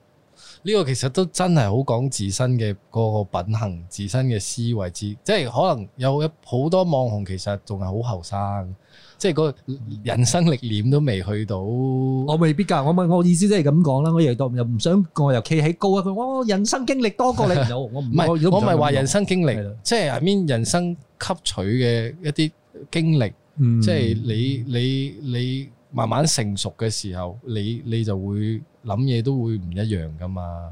呢個其實都真係好講自身嘅嗰個品行、自身嘅思維之，即係可能有一好多網紅其實仲係好後生，即係個人生歷練都未去到。嗯、我未必噶，我唔係我意思即係咁講啦，我亦當又唔想我又企喺高一我、哦、人生經歷多過你有， 我唔係我咪話人生經歷，的即係入面人生吸取嘅一啲經歷，嗯、即係你你你，你慢慢成熟嘅時候，你你，你就會。諗嘢都會唔一樣噶嘛，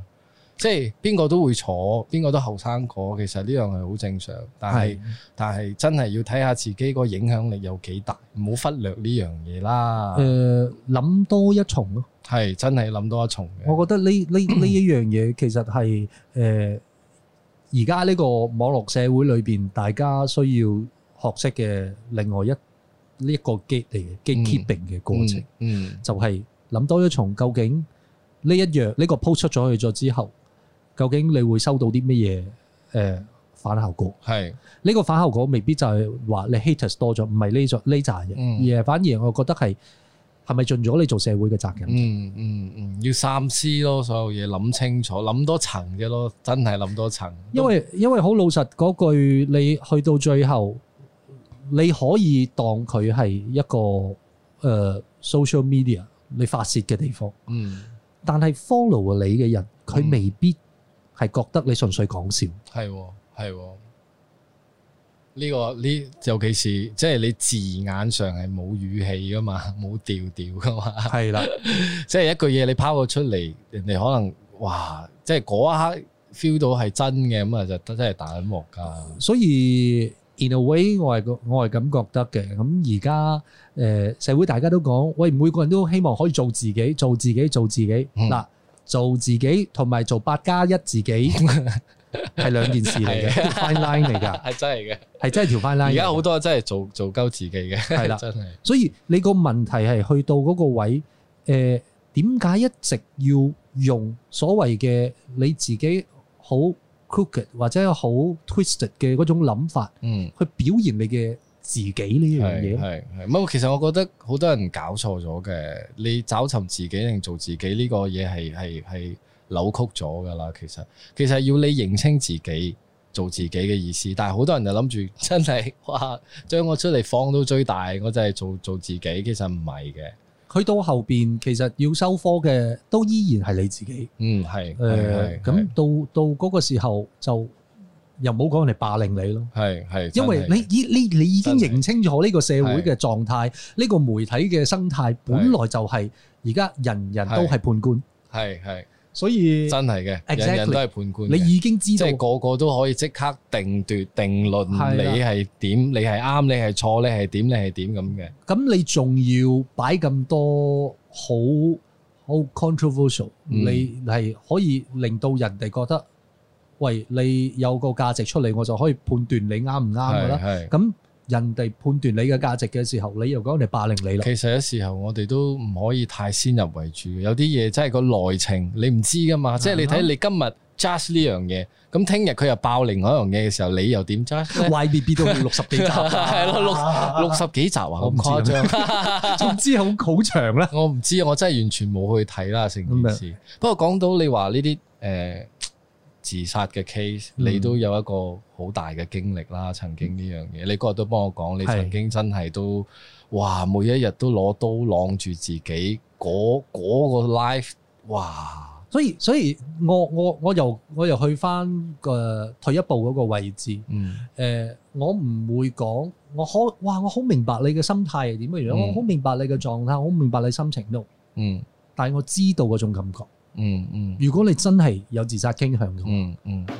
即係邊個都會坐，邊個都後生過，其實呢樣係好正常。但係是的 但係真係要睇下自己個影響力有幾大，唔好忽略呢樣嘢啦。誒、呃，諗多一重咯、啊，係真係諗多一重。我覺得呢呢呢一樣嘢其實係誒而家呢個網絡社會裏邊，大家需要學識嘅另外一呢一、呢個 gate 嚟嘅 gatekeeping 嘅過程，嗯，嗯嗯嗯就係諗多一重，究竟。呢一樣呢、呢個 po 出咗去咗之後，究竟你會收到啲乜嘢？誒、呃、反效果係呢是個反效果，未必就係話你 haters 多咗，唔係呢咗呢扎嘢，嗯、而反而我覺得係係咪盡咗你做社會嘅責任？嗯嗯嗯，要三思咯，所有嘢諗清楚，諗多層嘅咯，真係諗多層。因為因為好老實嗰句，你去到最後，你可以當佢係一個誒、呃、social media 你發泄嘅地方。嗯。但係 follow 你嘅人，佢未必係覺得你純粹講笑。係喎、嗯，係喎、啊，呢、啊這個呢尤其是即係你字眼上係冇語氣噶嘛，冇調調噶嘛。係啦、啊， 即係一句嘢你拋咗出嚟，人哋可能哇，即係嗰一刻 feel 到係真嘅，咁啊就真係打緊莫噶。所以。In a way，我係咁覺得嘅。咁而家誒社會大家都講，喂，每個人都希望可以做自己，做自己，做自己。嗱、嗯，做自己同埋做八加一自己係 兩件事嚟嘅 fine line 嚟㗎。係真係嘅，係真係條 fine line。而家好多真係做做鳩自己嘅。係 啦的，真係。所以你個問題係去到嗰個位，誒點解一直要用所謂嘅你自己好？酷嘅，oked, 或者好 twisted 嘅嗰種諗法，嗯、去表現你嘅自己呢樣嘢。係係，咁其實我覺得好多人搞錯咗嘅。你找尋自己定做自己呢、呢個嘢係係係扭曲咗噶啦。其實其實要你認清自己做自己嘅意思，但係好多人就諗住真係哇，將我出嚟放到最大，我就係做做自己。其實唔係嘅。佢到後邊其實要收科嘅都依然係你自己，嗯，係，誒，咁、呃、到是到嗰個時候就又冇講人哋霸凌你咯，係係，因為你已是你你，你已經認清楚呢個社會嘅狀態，呢個媒體嘅生態本來就係而家人人都係判官，係係。所以真係嘅，人人都係判官。你已經知道，即係個個都可以即刻定奪定論，你係點？你係啱，你係錯，你係點？你係點咁嘅？咁你仲要擺咁多好好 controversial，你係可以令到人哋覺得，喂，你有個價值出嚟，我就可以判斷你啱唔啱㗎啦。咁人哋判斷你嘅價值嘅時候，你又講你霸凌你啦。其實有時候我哋都唔可以太先入為主，有啲嘢真係個內情你唔知噶嘛。即係你睇你今日 just 呢樣嘢，咁聽日佢又爆另外一樣嘢嘅時候，你又點？just YBB 都六十幾集，係咯，六六十幾集啊，咁誇 張，總之好好長啦。 我唔知，我真係完全冇去睇啦成件事。不過講到你話呢啲誒，呃自殺嘅 case，你都有一個好大嘅經歷啦。曾經呢樣嘢，嗯、你嗰日都幫我講，你曾經真係都是哇，每一日都攞刀攔住自己嗰、嗰個 life，哇！所以所以，所以我我我又我又去翻個退一步嗰個位置。嗯。誒、呃，我唔會講，我可哇，我好明白你嘅心態係點嘅樣，我好明白你嘅狀態，好、嗯、明白你心情都。嗯。但係我知道嗰種感覺。嗯嗯，如果你真係有自殺傾向嘅話，嗯 嗯樂。